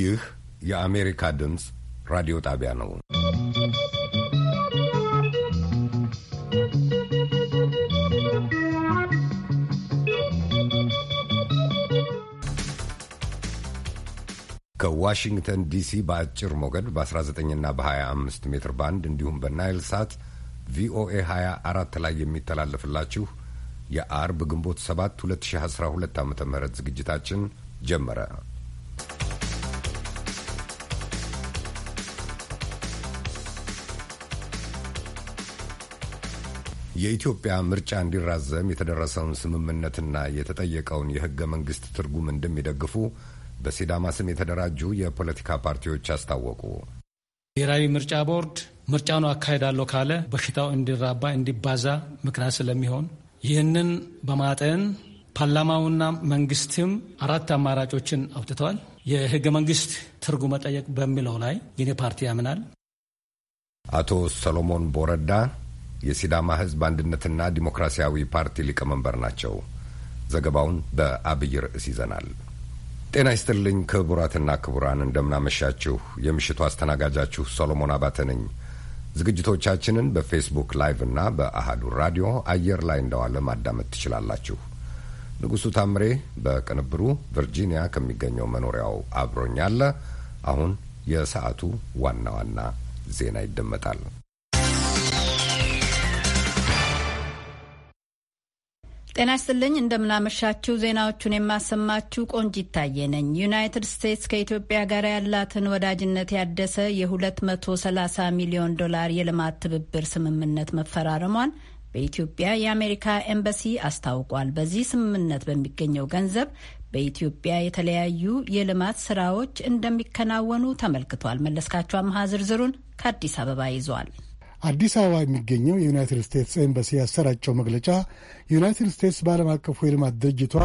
ይህ የአሜሪካ ድምፅ ራዲዮ ጣቢያ ነው። ከዋሽንግተን ዲሲ በአጭር ሞገድ በ19ና በ25 ሜትር ባንድ እንዲሁም በናይል ሳት ቪኦኤ 24 ላይ የሚተላለፍላችሁ የአርብ ግንቦት 7 2012 ዓ ም ዝግጅታችን ጀመረ። የኢትዮጵያ ምርጫ እንዲራዘም የተደረሰውን ስምምነትና የተጠየቀውን የህገ መንግስት ትርጉም እንደሚደግፉ በሲዳማ ስም የተደራጁ የፖለቲካ ፓርቲዎች አስታወቁ። ብሔራዊ ምርጫ ቦርድ ምርጫውን አካሄዳለሁ ካለ በሽታው እንዲራባ እንዲባዛ ምክንያት ስለሚሆን ይህንን በማጠን ፓርላማውና መንግስትም አራት አማራጮችን አውጥተዋል። የህገ መንግስት ትርጉም መጠየቅ በሚለው ላይ የኔ ፓርቲ ያምናል። አቶ ሰሎሞን ቦረዳ የሲዳማ ህዝብ አንድነትና ዲሞክራሲያዊ ፓርቲ ሊቀመንበር ናቸው። ዘገባውን በአብይ ርዕስ ይዘናል። ጤና ይስጥልኝ ክቡራትና ክቡራን፣ እንደምናመሻችሁ። የምሽቱ አስተናጋጃችሁ ሶሎሞን አባተ ነኝ። ዝግጅቶቻችንን በፌስቡክ ላይቭ እና በአሃዱ ራዲዮ አየር ላይ እንደዋለ ማዳመጥ ትችላላችሁ። ንጉሡ ታምሬ በቅንብሩ ቨርጂኒያ ከሚገኘው መኖሪያው አብሮኛለ። አሁን የሰዓቱ ዋና ዋና ዜና ይደመጣል። ጤና ይስጥልኝ እንደምናመሻችው ዜናዎቹን የማሰማችው ቆንጂ ይታየ ነኝ። ዩናይትድ ስቴትስ ከኢትዮጵያ ጋር ያላትን ወዳጅነት ያደሰ የ230 ሚሊዮን ዶላር የልማት ትብብር ስምምነት መፈራረሟን በኢትዮጵያ የአሜሪካ ኤምባሲ አስታውቋል። በዚህ ስምምነት በሚገኘው ገንዘብ በኢትዮጵያ የተለያዩ የልማት ስራዎች እንደሚከናወኑ ተመልክቷል። መለስካቸው አምሃ ዝርዝሩን ከአዲስ አበባ ይዟል። አዲስ አበባ የሚገኘው የዩናይትድ ስቴትስ ኤምባሲ ያሰራጨው መግለጫ ዩናይትድ ስቴትስ በዓለም አቀፉ የልማት ድርጅቷ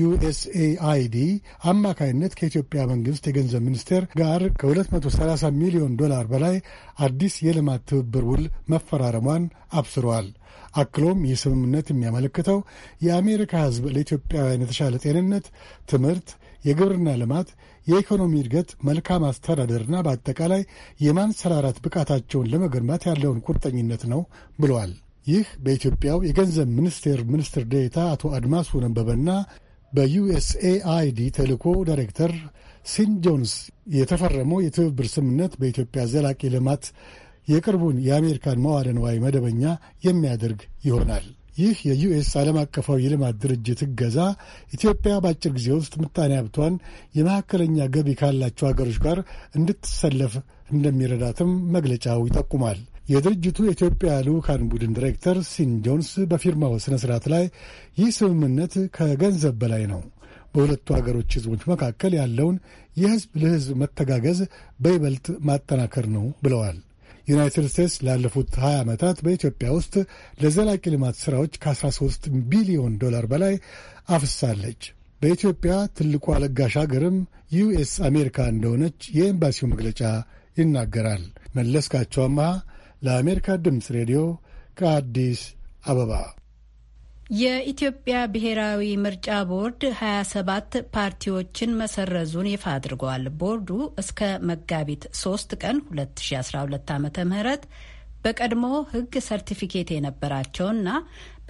ዩኤስኤአይዲ አማካይነት ከኢትዮጵያ መንግስት የገንዘብ ሚኒስቴር ጋር ከ230 ሚሊዮን ዶላር በላይ አዲስ የልማት ትብብር ውል መፈራረሟን አብስረዋል። አክሎም ይህ ስምምነት የሚያመለክተው የአሜሪካ ሕዝብ ለኢትዮጵያውያን የተሻለ ጤንነት፣ ትምህርት፣ የግብርና ልማት የኢኮኖሚ እድገት፣ መልካም አስተዳደርና በአጠቃላይ የማንሰራራት ብቃታቸውን ለመገንባት ያለውን ቁርጠኝነት ነው ብለዋል። ይህ በኢትዮጵያው የገንዘብ ሚኒስቴር ሚኒስትር ዴኤታ አቶ አድማሱ ነበበና በዩኤስኤአይዲ ተልእኮ ዳይሬክተር ሲን ጆንስ የተፈረመው የትብብር ስምምነት በኢትዮጵያ ዘላቂ ልማት የቅርቡን የአሜሪካን መዋለ ንዋይ መደበኛ የሚያደርግ ይሆናል። ይህ የዩኤስ ዓለም አቀፋዊ የልማት ድርጅት እገዛ ኢትዮጵያ በአጭር ጊዜ ውስጥ ምጣኔ ሀብቷን የመካከለኛ ገቢ ካላቸው ሀገሮች ጋር እንድትሰለፍ እንደሚረዳትም መግለጫው ይጠቁማል። የድርጅቱ የኢትዮጵያ ልዑካን ቡድን ዲሬክተር ሲን ጆንስ በፊርማው ሥነ ሥርዓት ላይ ይህ ስምምነት ከገንዘብ በላይ ነው፣ በሁለቱ ሀገሮች ሕዝቦች መካከል ያለውን የሕዝብ ለሕዝብ መተጋገዝ በይበልጥ ማጠናከር ነው ብለዋል። ዩናይትድ ስቴትስ ላለፉት 20 ዓመታት በኢትዮጵያ ውስጥ ለዘላቂ ልማት ሥራዎች ከ13 ቢሊዮን ዶላር በላይ አፍሳለች። በኢትዮጵያ ትልቁ አለጋሽ አገርም ዩኤስ አሜሪካ እንደሆነች የኤምባሲው መግለጫ ይናገራል። መለስካቸው አመሃ ለአሜሪካ ድምፅ ሬዲዮ ከአዲስ አበባ የኢትዮጵያ ብሔራዊ ምርጫ ቦርድ 27 ፓርቲዎችን መሰረዙን ይፋ አድርጓል። ቦርዱ እስከ መጋቢት 3 ቀን 2012 ዓ ም በቀድሞ ሕግ ሰርቲፊኬት የነበራቸውና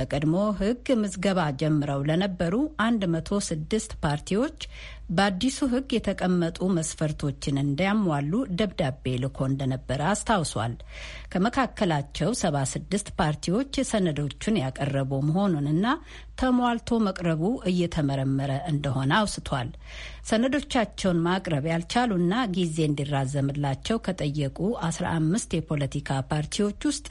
በቀድሞ ሕግ ምዝገባ ጀምረው ለነበሩ 106 ፓርቲዎች በአዲሱ ሕግ የተቀመጡ መስፈርቶችን እንዲያሟሉ ደብዳቤ ልኮ እንደነበረ አስታውሷል። ከመካከላቸው 76 ፓርቲዎች ሰነዶቹን ያቀረቡ መሆኑንና ተሟልቶ መቅረቡ እየተመረመረ እንደሆነ አውስቷል። ሰነዶቻቸውን ማቅረብ ያልቻሉና ጊዜ እንዲራዘምላቸው ከጠየቁ 15 የፖለቲካ ፓርቲዎች ውስጥ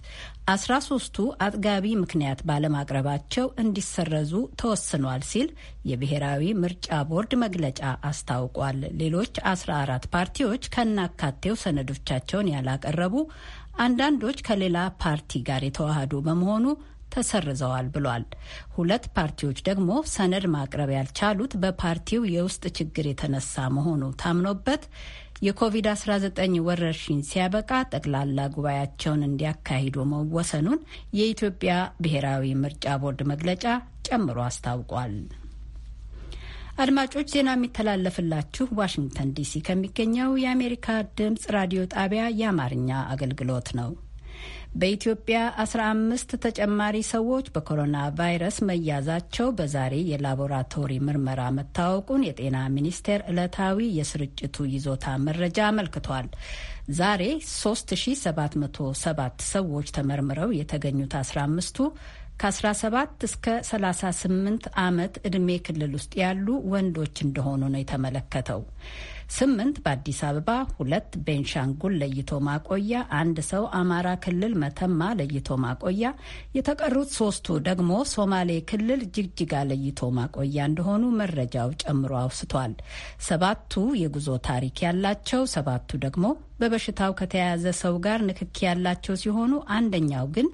አስራ ሶስቱ አጥጋቢ ምክንያት ባለማቅረባቸው እንዲሰረዙ ተወስኗል ሲል የብሔራዊ ምርጫ ቦርድ መግለጫ አስታውቋል። ሌሎች አስራ አራት ፓርቲዎች ከናካቴው ሰነዶቻቸውን ያላቀረቡ፣ አንዳንዶች ከሌላ ፓርቲ ጋር የተዋሃዱ በመሆኑ ተሰርዘዋል ብሏል። ሁለት ፓርቲዎች ደግሞ ሰነድ ማቅረብ ያልቻሉት በፓርቲው የውስጥ ችግር የተነሳ መሆኑ ታምኖበት የኮቪድ-19 ወረርሽኝ ሲያበቃ ጠቅላላ ጉባኤያቸውን እንዲያካሂዱ መወሰኑን የኢትዮጵያ ብሔራዊ ምርጫ ቦርድ መግለጫ ጨምሮ አስታውቋል። አድማጮች ዜና የሚተላለፍላችሁ ዋሽንግተን ዲሲ ከሚገኘው የአሜሪካ ድምፅ ራዲዮ ጣቢያ የአማርኛ አገልግሎት ነው። በኢትዮጵያ 15 ተጨማሪ ሰዎች በኮሮና ቫይረስ መያዛቸው በዛሬ የላቦራቶሪ ምርመራ መታወቁን የጤና ሚኒስቴር ዕለታዊ የስርጭቱ ይዞታ መረጃ አመልክቷል። ዛሬ 3707 ሰዎች ተመርምረው የተገኙት 15ቱ ከ17 እስከ 38 ዓመት ዕድሜ ክልል ውስጥ ያሉ ወንዶች እንደሆኑ ነው የተመለከተው። ስምንት በአዲስ አበባ፣ ሁለት ቤንሻንጉል ለይቶ ማቆያ፣ አንድ ሰው አማራ ክልል መተማ ለይቶ ማቆያ፣ የተቀሩት ሶስቱ ደግሞ ሶማሌ ክልል ጅግጅጋ ለይቶ ማቆያ እንደሆኑ መረጃው ጨምሮ አውስቷል። ሰባቱ የጉዞ ታሪክ ያላቸው፣ ሰባቱ ደግሞ በበሽታው ከተያያዘ ሰው ጋር ንክኪ ያላቸው ሲሆኑ አንደኛው ግን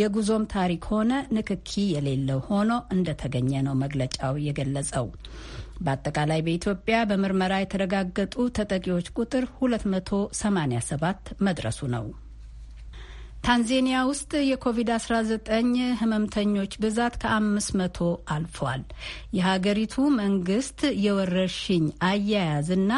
የጉዞም ታሪክ ሆነ ንክኪ የሌለው ሆኖ እንደተገኘ ነው መግለጫው የገለጸው። በአጠቃላይ በኢትዮጵያ በምርመራ የተረጋገጡ ተጠቂዎች ቁጥር 287 መድረሱ ነው። ታንዜኒያ ውስጥ የኮቪድ-19 ህመምተኞች ብዛት ከ500 አልፏል። የሀገሪቱ መንግስት የወረርሽኝ አያያዝና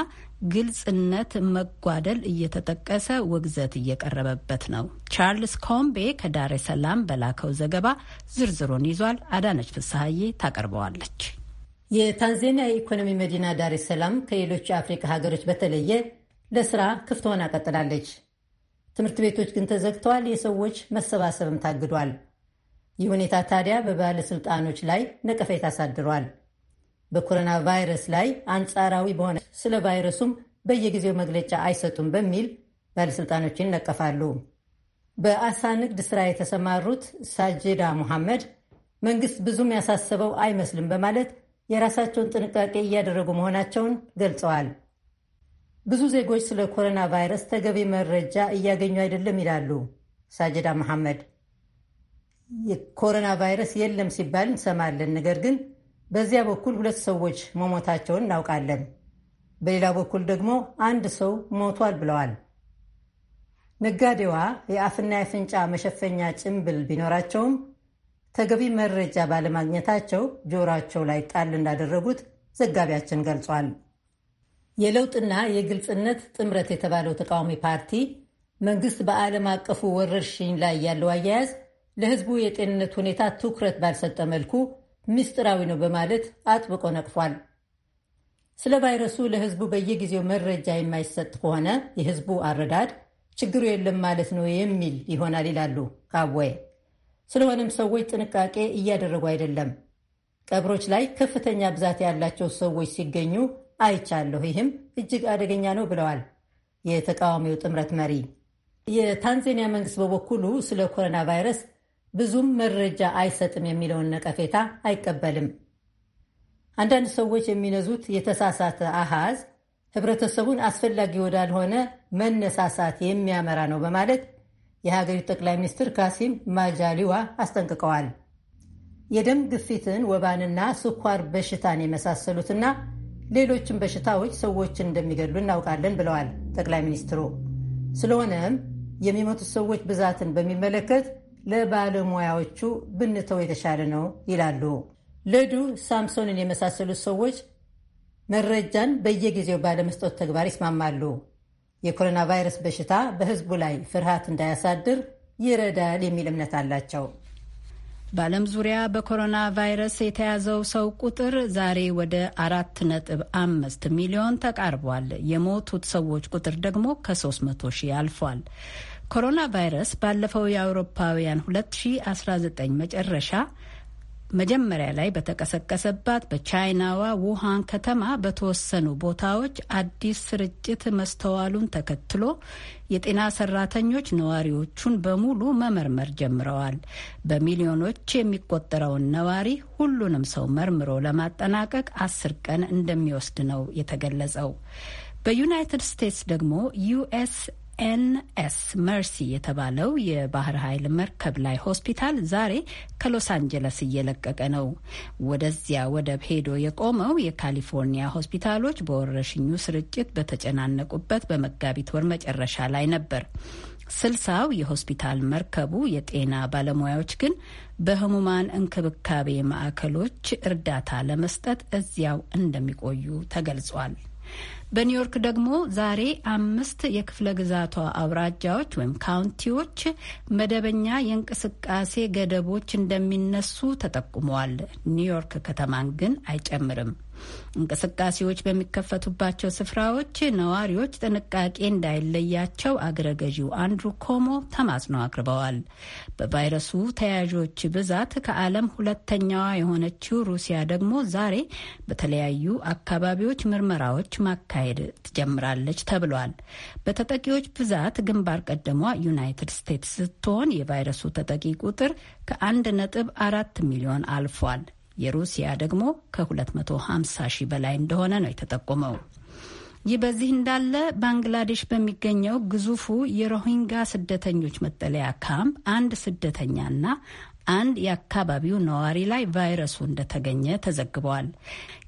ግልጽነት መጓደል እየተጠቀሰ ውግዘት እየቀረበበት ነው። ቻርልስ ኮምቤ ከዳሬ ሰላም በላከው ዘገባ ዝርዝሩን ይዟል። አዳነች ፍስሀዬ ታቀርበዋለች። የታንዛኒያ የኢኮኖሚ መዲና ዳሬ ሰላም ከሌሎች የአፍሪካ ሀገሮች በተለየ ለስራ ክፍት ሆና ቀጥላለች። ትምህርት ቤቶች ግን ተዘግተዋል። የሰዎች መሰባሰብም ታግዷል። ይህ ሁኔታ ታዲያ በባለሥልጣኖች ላይ ነቀፌታ አሳድሯል። በኮሮና ቫይረስ ላይ አንጻራዊ በሆነ ስለ ቫይረሱም በየጊዜው መግለጫ አይሰጡም በሚል ባለሥልጣኖች ይነቀፋሉ። በአሳ ንግድ ሥራ የተሰማሩት ሳጄዳ ሙሐመድ መንግሥት ብዙም ያሳሰበው አይመስልም በማለት የራሳቸውን ጥንቃቄ እያደረጉ መሆናቸውን ገልጸዋል። ብዙ ዜጎች ስለ ኮሮና ቫይረስ ተገቢ መረጃ እያገኙ አይደለም ይላሉ ሳጅዳ መሐመድ። የኮሮና ቫይረስ የለም ሲባል እንሰማለን፣ ነገር ግን በዚያ በኩል ሁለት ሰዎች መሞታቸውን እናውቃለን፣ በሌላ በኩል ደግሞ አንድ ሰው ሞቷል ብለዋል። ነጋዴዋ የአፍና የአፍንጫ መሸፈኛ ጭንብል ቢኖራቸውም ተገቢ መረጃ ባለማግኘታቸው ጆሯቸው ላይ ጣል እንዳደረጉት ዘጋቢያችን ገልጿል። የለውጥና የግልጽነት ጥምረት የተባለው ተቃዋሚ ፓርቲ መንግስት በዓለም አቀፉ ወረርሽኝ ላይ ያለው አያያዝ ለሕዝቡ የጤንነት ሁኔታ ትኩረት ባልሰጠ መልኩ ምስጢራዊ ነው በማለት አጥብቆ ነቅፏል። ስለ ቫይረሱ ለሕዝቡ በየጊዜው መረጃ የማይሰጥ ከሆነ የሕዝቡ አረዳድ ችግሩ የለም ማለት ነው የሚል ይሆናል ይላሉ ካወይ ስለሆነም ሰዎች ጥንቃቄ እያደረጉ አይደለም። ቀብሮች ላይ ከፍተኛ ብዛት ያላቸው ሰዎች ሲገኙ አይቻለሁ። ይህም እጅግ አደገኛ ነው ብለዋል የተቃዋሚው ጥምረት መሪ። የታንዛኒያ መንግስት በበኩሉ ስለ ኮሮና ቫይረስ ብዙም መረጃ አይሰጥም የሚለውን ነቀፌታ አይቀበልም። አንዳንድ ሰዎች የሚነዙት የተሳሳተ አሃዝ ህብረተሰቡን አስፈላጊ ወዳልሆነ መነሳሳት የሚያመራ ነው በማለት የሀገሪቱ ጠቅላይ ሚኒስትር ካሲም ማጃሊዋ አስጠንቅቀዋል። የደም ግፊትን፣ ወባንና ስኳር በሽታን የመሳሰሉትና ሌሎችን በሽታዎች ሰዎችን እንደሚገድሉ እናውቃለን ብለዋል ጠቅላይ ሚኒስትሩ። ስለሆነም የሚሞቱት ሰዎች ብዛትን በሚመለከት ለባለሙያዎቹ ብንተው የተሻለ ነው ይላሉ። ለዱ ሳምሶንን የመሳሰሉት ሰዎች መረጃን በየጊዜው ባለመስጠት ተግባር ይስማማሉ። የኮሮና ቫይረስ በሽታ በህዝቡ ላይ ፍርሃት እንዳያሳድር ይረዳል የሚል እምነት አላቸው። በዓለም ዙሪያ በኮሮና ቫይረስ የተያዘው ሰው ቁጥር ዛሬ ወደ አራት ነጥብ አምስት ሚሊዮን ተቃርቧል። የሞቱት ሰዎች ቁጥር ደግሞ ከ መቶ ሺህ አልፏል። ኮሮና ቫይረስ ባለፈው የአውሮፓውያን 2019 መጨረሻ መጀመሪያ ላይ በተቀሰቀሰባት በቻይናዋ ውሃን ከተማ በተወሰኑ ቦታዎች አዲስ ስርጭት መስተዋሉን ተከትሎ የጤና ሰራተኞች ነዋሪዎቹን በሙሉ መመርመር ጀምረዋል። በሚሊዮኖች የሚቆጠረውን ነዋሪ ሁሉንም ሰው መርምሮ ለማጠናቀቅ አስር ቀን እንደሚወስድ ነው የተገለጸው። በዩናይትድ ስቴትስ ደግሞ ዩኤስ ኤንኤስ መርሲ የተባለው የባህር ኃይል መርከብ ላይ ሆስፒታል ዛሬ ከሎስ አንጀለስ እየለቀቀ ነው። ወደዚያ ወደብ ሄዶ የቆመው የካሊፎርኒያ ሆስፒታሎች በወረሽኙ ስርጭት በተጨናነቁበት በመጋቢት ወር መጨረሻ ላይ ነበር። ስልሳው የሆስፒታል መርከቡ የጤና ባለሙያዎች ግን በህሙማን እንክብካቤ ማዕከሎች እርዳታ ለመስጠት እዚያው እንደሚቆዩ ተገልጿል። በኒውዮርክ ደግሞ ዛሬ አምስት የክፍለ ግዛቷ አውራጃዎች ወይም ካውንቲዎች መደበኛ የእንቅስቃሴ ገደቦች እንደሚነሱ ተጠቁመዋል። ኒውዮርክ ከተማን ግን አይጨምርም። እንቅስቃሴዎች በሚከፈቱባቸው ስፍራዎች ነዋሪዎች ጥንቃቄ እንዳይለያቸው አግረገዢው አንድሩ ኮሞ ተማጽኖ አቅርበዋል። በቫይረሱ ተያዦች ብዛት ከዓለም ሁለተኛዋ የሆነችው ሩሲያ ደግሞ ዛሬ በተለያዩ አካባቢዎች ምርመራዎች ማካሄድ ትጀምራለች ተብሏል። በተጠቂዎች ብዛት ግንባር ቀደሟ ዩናይትድ ስቴትስ ስትሆን የቫይረሱ ተጠቂ ቁጥር ከአንድ ነጥብ አራት ሚሊዮን አልፏል። የሩሲያ ደግሞ ከ250 ሺህ በላይ እንደሆነ ነው የተጠቆመው። ይህ በዚህ እንዳለ ባንግላዴሽ በሚገኘው ግዙፉ የሮሂንጋ ስደተኞች መጠለያ ካምፕ አንድ ስደተኛና አንድ የአካባቢው ነዋሪ ላይ ቫይረሱ እንደተገኘ ተዘግበዋል።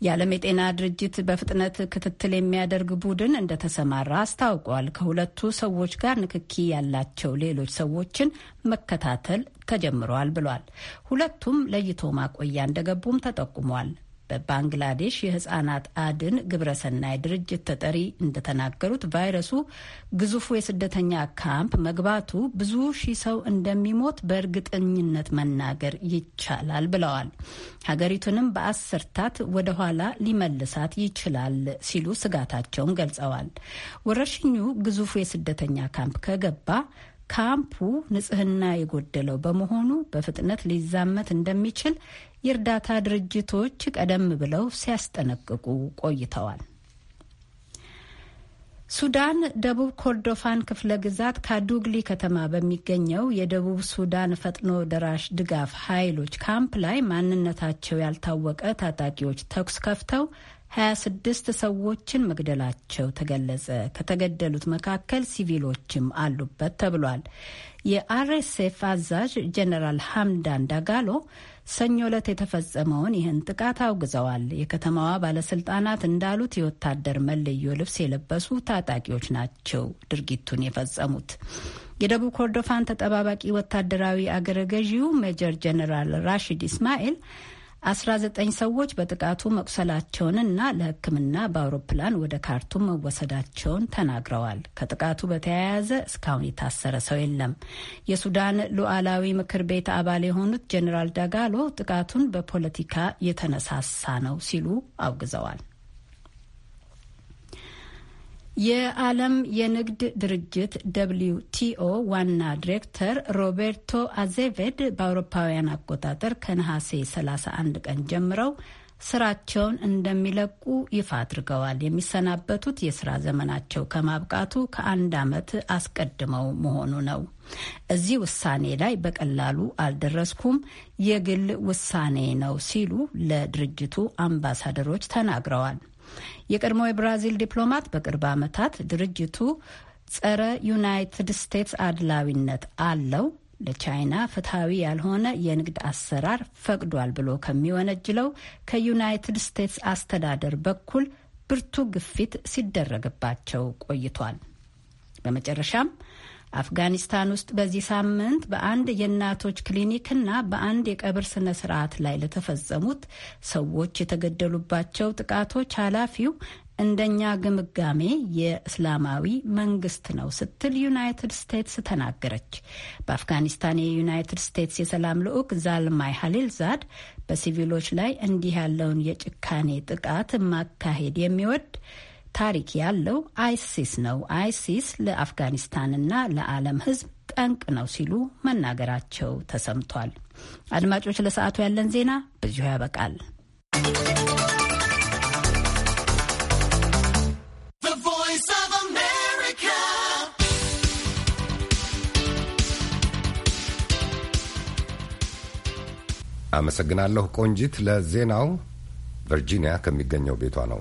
የዓለም የጤና ድርጅት በፍጥነት ክትትል የሚያደርግ ቡድን እንደተሰማራ አስታውቋል። ከሁለቱ ሰዎች ጋር ንክኪ ያላቸው ሌሎች ሰዎችን መከታተል ተጀምረዋል ብሏል። ሁለቱም ለይቶ ማቆያ እንደገቡም ተጠቁሟል። በባንግላዴሽ የህጻናት አድን ግብረሰናይ ድርጅት ተጠሪ እንደተናገሩት ቫይረሱ ግዙፉ የስደተኛ ካምፕ መግባቱ ብዙ ሺህ ሰው እንደሚሞት በእርግጠኝነት መናገር ይቻላል ብለዋል። ሀገሪቱንም በአስርታት ወደ ኋላ ሊመልሳት ይችላል ሲሉ ስጋታቸውን ገልጸዋል። ወረርሽኙ ግዙፉ የስደተኛ ካምፕ ከገባ ካምፑ ንጽህና የጎደለው በመሆኑ በፍጥነት ሊዛመት እንደሚችል የእርዳታ ድርጅቶች ቀደም ብለው ሲያስጠነቅቁ ቆይተዋል። ሱዳን ደቡብ ኮርዶፋን ክፍለ ግዛት ካዱግሊ ከተማ በሚገኘው የደቡብ ሱዳን ፈጥኖ ደራሽ ድጋፍ ኃይሎች ካምፕ ላይ ማንነታቸው ያልታወቀ ታጣቂዎች ተኩስ ከፍተው 26 ሰዎችን መግደላቸው ተገለጸ። ከተገደሉት መካከል ሲቪሎችም አሉበት ተብሏል። የአርኤስኤፍ አዛዥ ጀነራል ሀምዳን ዳጋሎ ሰኞ ዕለት የተፈጸመውን ይህን ጥቃት አውግዘዋል። የከተማዋ ባለስልጣናት እንዳሉት የወታደር መለዮ ልብስ የለበሱ ታጣቂዎች ናቸው ድርጊቱን የፈጸሙት። የደቡብ ኮርዶፋን ተጠባባቂ ወታደራዊ አገረ ገዢው ሜጀር ጀነራል ራሽድ ኢስማኤል 19 ሰዎች በጥቃቱ መቁሰላቸውንና ለሕክምና በአውሮፕላን ወደ ካርቱም መወሰዳቸውን ተናግረዋል። ከጥቃቱ በተያያዘ እስካሁን የታሰረ ሰው የለም። የሱዳን ሉዓላዊ ምክር ቤት አባል የሆኑት ጀኔራል ደጋሎ ጥቃቱን በፖለቲካ የተነሳሳ ነው ሲሉ አውግዘዋል። የዓለም የንግድ ድርጅት ደብልዩ ቲኦ ዋና ዲሬክተር ሮቤርቶ አዜቬድ በአውሮፓውያን አቆጣጠር ከነሐሴ 31 ቀን ጀምረው ስራቸውን እንደሚለቁ ይፋ አድርገዋል። የሚሰናበቱት የስራ ዘመናቸው ከማብቃቱ ከአንድ ዓመት አስቀድመው መሆኑ ነው። እዚህ ውሳኔ ላይ በቀላሉ አልደረስኩም፣ የግል ውሳኔ ነው ሲሉ ለድርጅቱ አምባሳደሮች ተናግረዋል። የቀድሞ የብራዚል ዲፕሎማት በቅርብ ዓመታት ድርጅቱ ጸረ ዩናይትድ ስቴትስ አድላዊነት አለው ለቻይና ፍትሐዊ ያልሆነ የንግድ አሰራር ፈቅዷል ብሎ ከሚወነጅለው ከዩናይትድ ስቴትስ አስተዳደር በኩል ብርቱ ግፊት ሲደረግባቸው ቆይቷል። በመጨረሻም አፍጋኒስታን ውስጥ በዚህ ሳምንት በአንድ የእናቶች ክሊኒክና በአንድ የቀብር ስነ ስርዓት ላይ ለተፈጸሙት ሰዎች የተገደሉባቸው ጥቃቶች ኃላፊው እንደኛ ግምጋሜ የእስላማዊ መንግስት ነው ስትል ዩናይትድ ስቴትስ ተናገረች። በአፍጋኒስታን የዩናይትድ ስቴትስ የሰላም ልዑክ ዛልማይ ሀሊል ዛድ በሲቪሎች ላይ እንዲህ ያለውን የጭካኔ ጥቃት ማካሄድ የሚወድ ታሪክ ያለው አይሲስ ነው። አይሲስ ለአፍጋኒስታንና ለዓለም ሕዝብ ጠንቅ ነው ሲሉ መናገራቸው ተሰምቷል። አድማጮች፣ ለሰዓቱ ያለን ዜና በዚሁ ያበቃል። አመሰግናለሁ ቆንጂት ለዜናው። ቨርጂኒያ ከሚገኘው ቤቷ ነው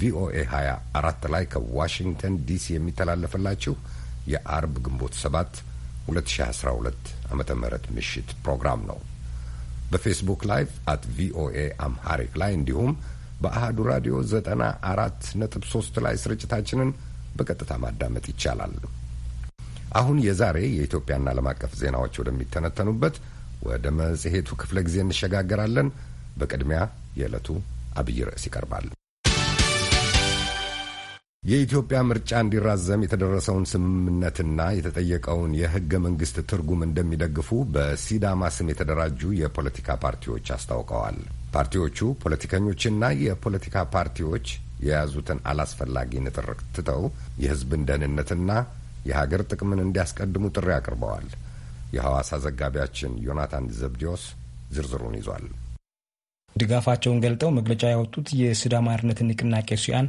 ቪኦኤ 24 ላይ ከዋሽንግተን ዲሲ የሚተላለፍላችሁ የአርብ ግንቦት 7 2012 ዓ ም ምሽት ፕሮግራም ነው። በፌስቡክ ላይቭ አት ቪኦኤ አምሃሪክ ላይ እንዲሁም በአህዱ ራዲዮ 94.3 ላይ ስርጭታችንን በቀጥታ ማዳመጥ ይቻላል። አሁን የዛሬ የኢትዮጵያና ዓለም አቀፍ ዜናዎች ወደሚተነተኑበት ወደ መጽሔቱ ክፍለ ጊዜ እንሸጋገራለን። በቅድሚያ የዕለቱ አብይ ርዕስ ይቀርባል። የኢትዮጵያ ምርጫ እንዲራዘም የተደረሰውን ስምምነትና የተጠየቀውን የህገ መንግስት ትርጉም እንደሚደግፉ በሲዳማ ስም የተደራጁ የፖለቲካ ፓርቲዎች አስታውቀዋል። ፓርቲዎቹ ፖለቲከኞችና የፖለቲካ ፓርቲዎች የያዙትን አላስፈላጊ ንትርክ ትተው የህዝብን ደህንነትና የሀገር ጥቅምን እንዲያስቀድሙ ጥሪ አቅርበዋል። የሐዋሳ ዘጋቢያችን ዮናታን ዘብዲዮስ ዝርዝሩን ይዟል። ድጋፋቸውን ገልጠው መግለጫ ያወጡት የሲዳማ አርነት ንቅናቄ ሲያን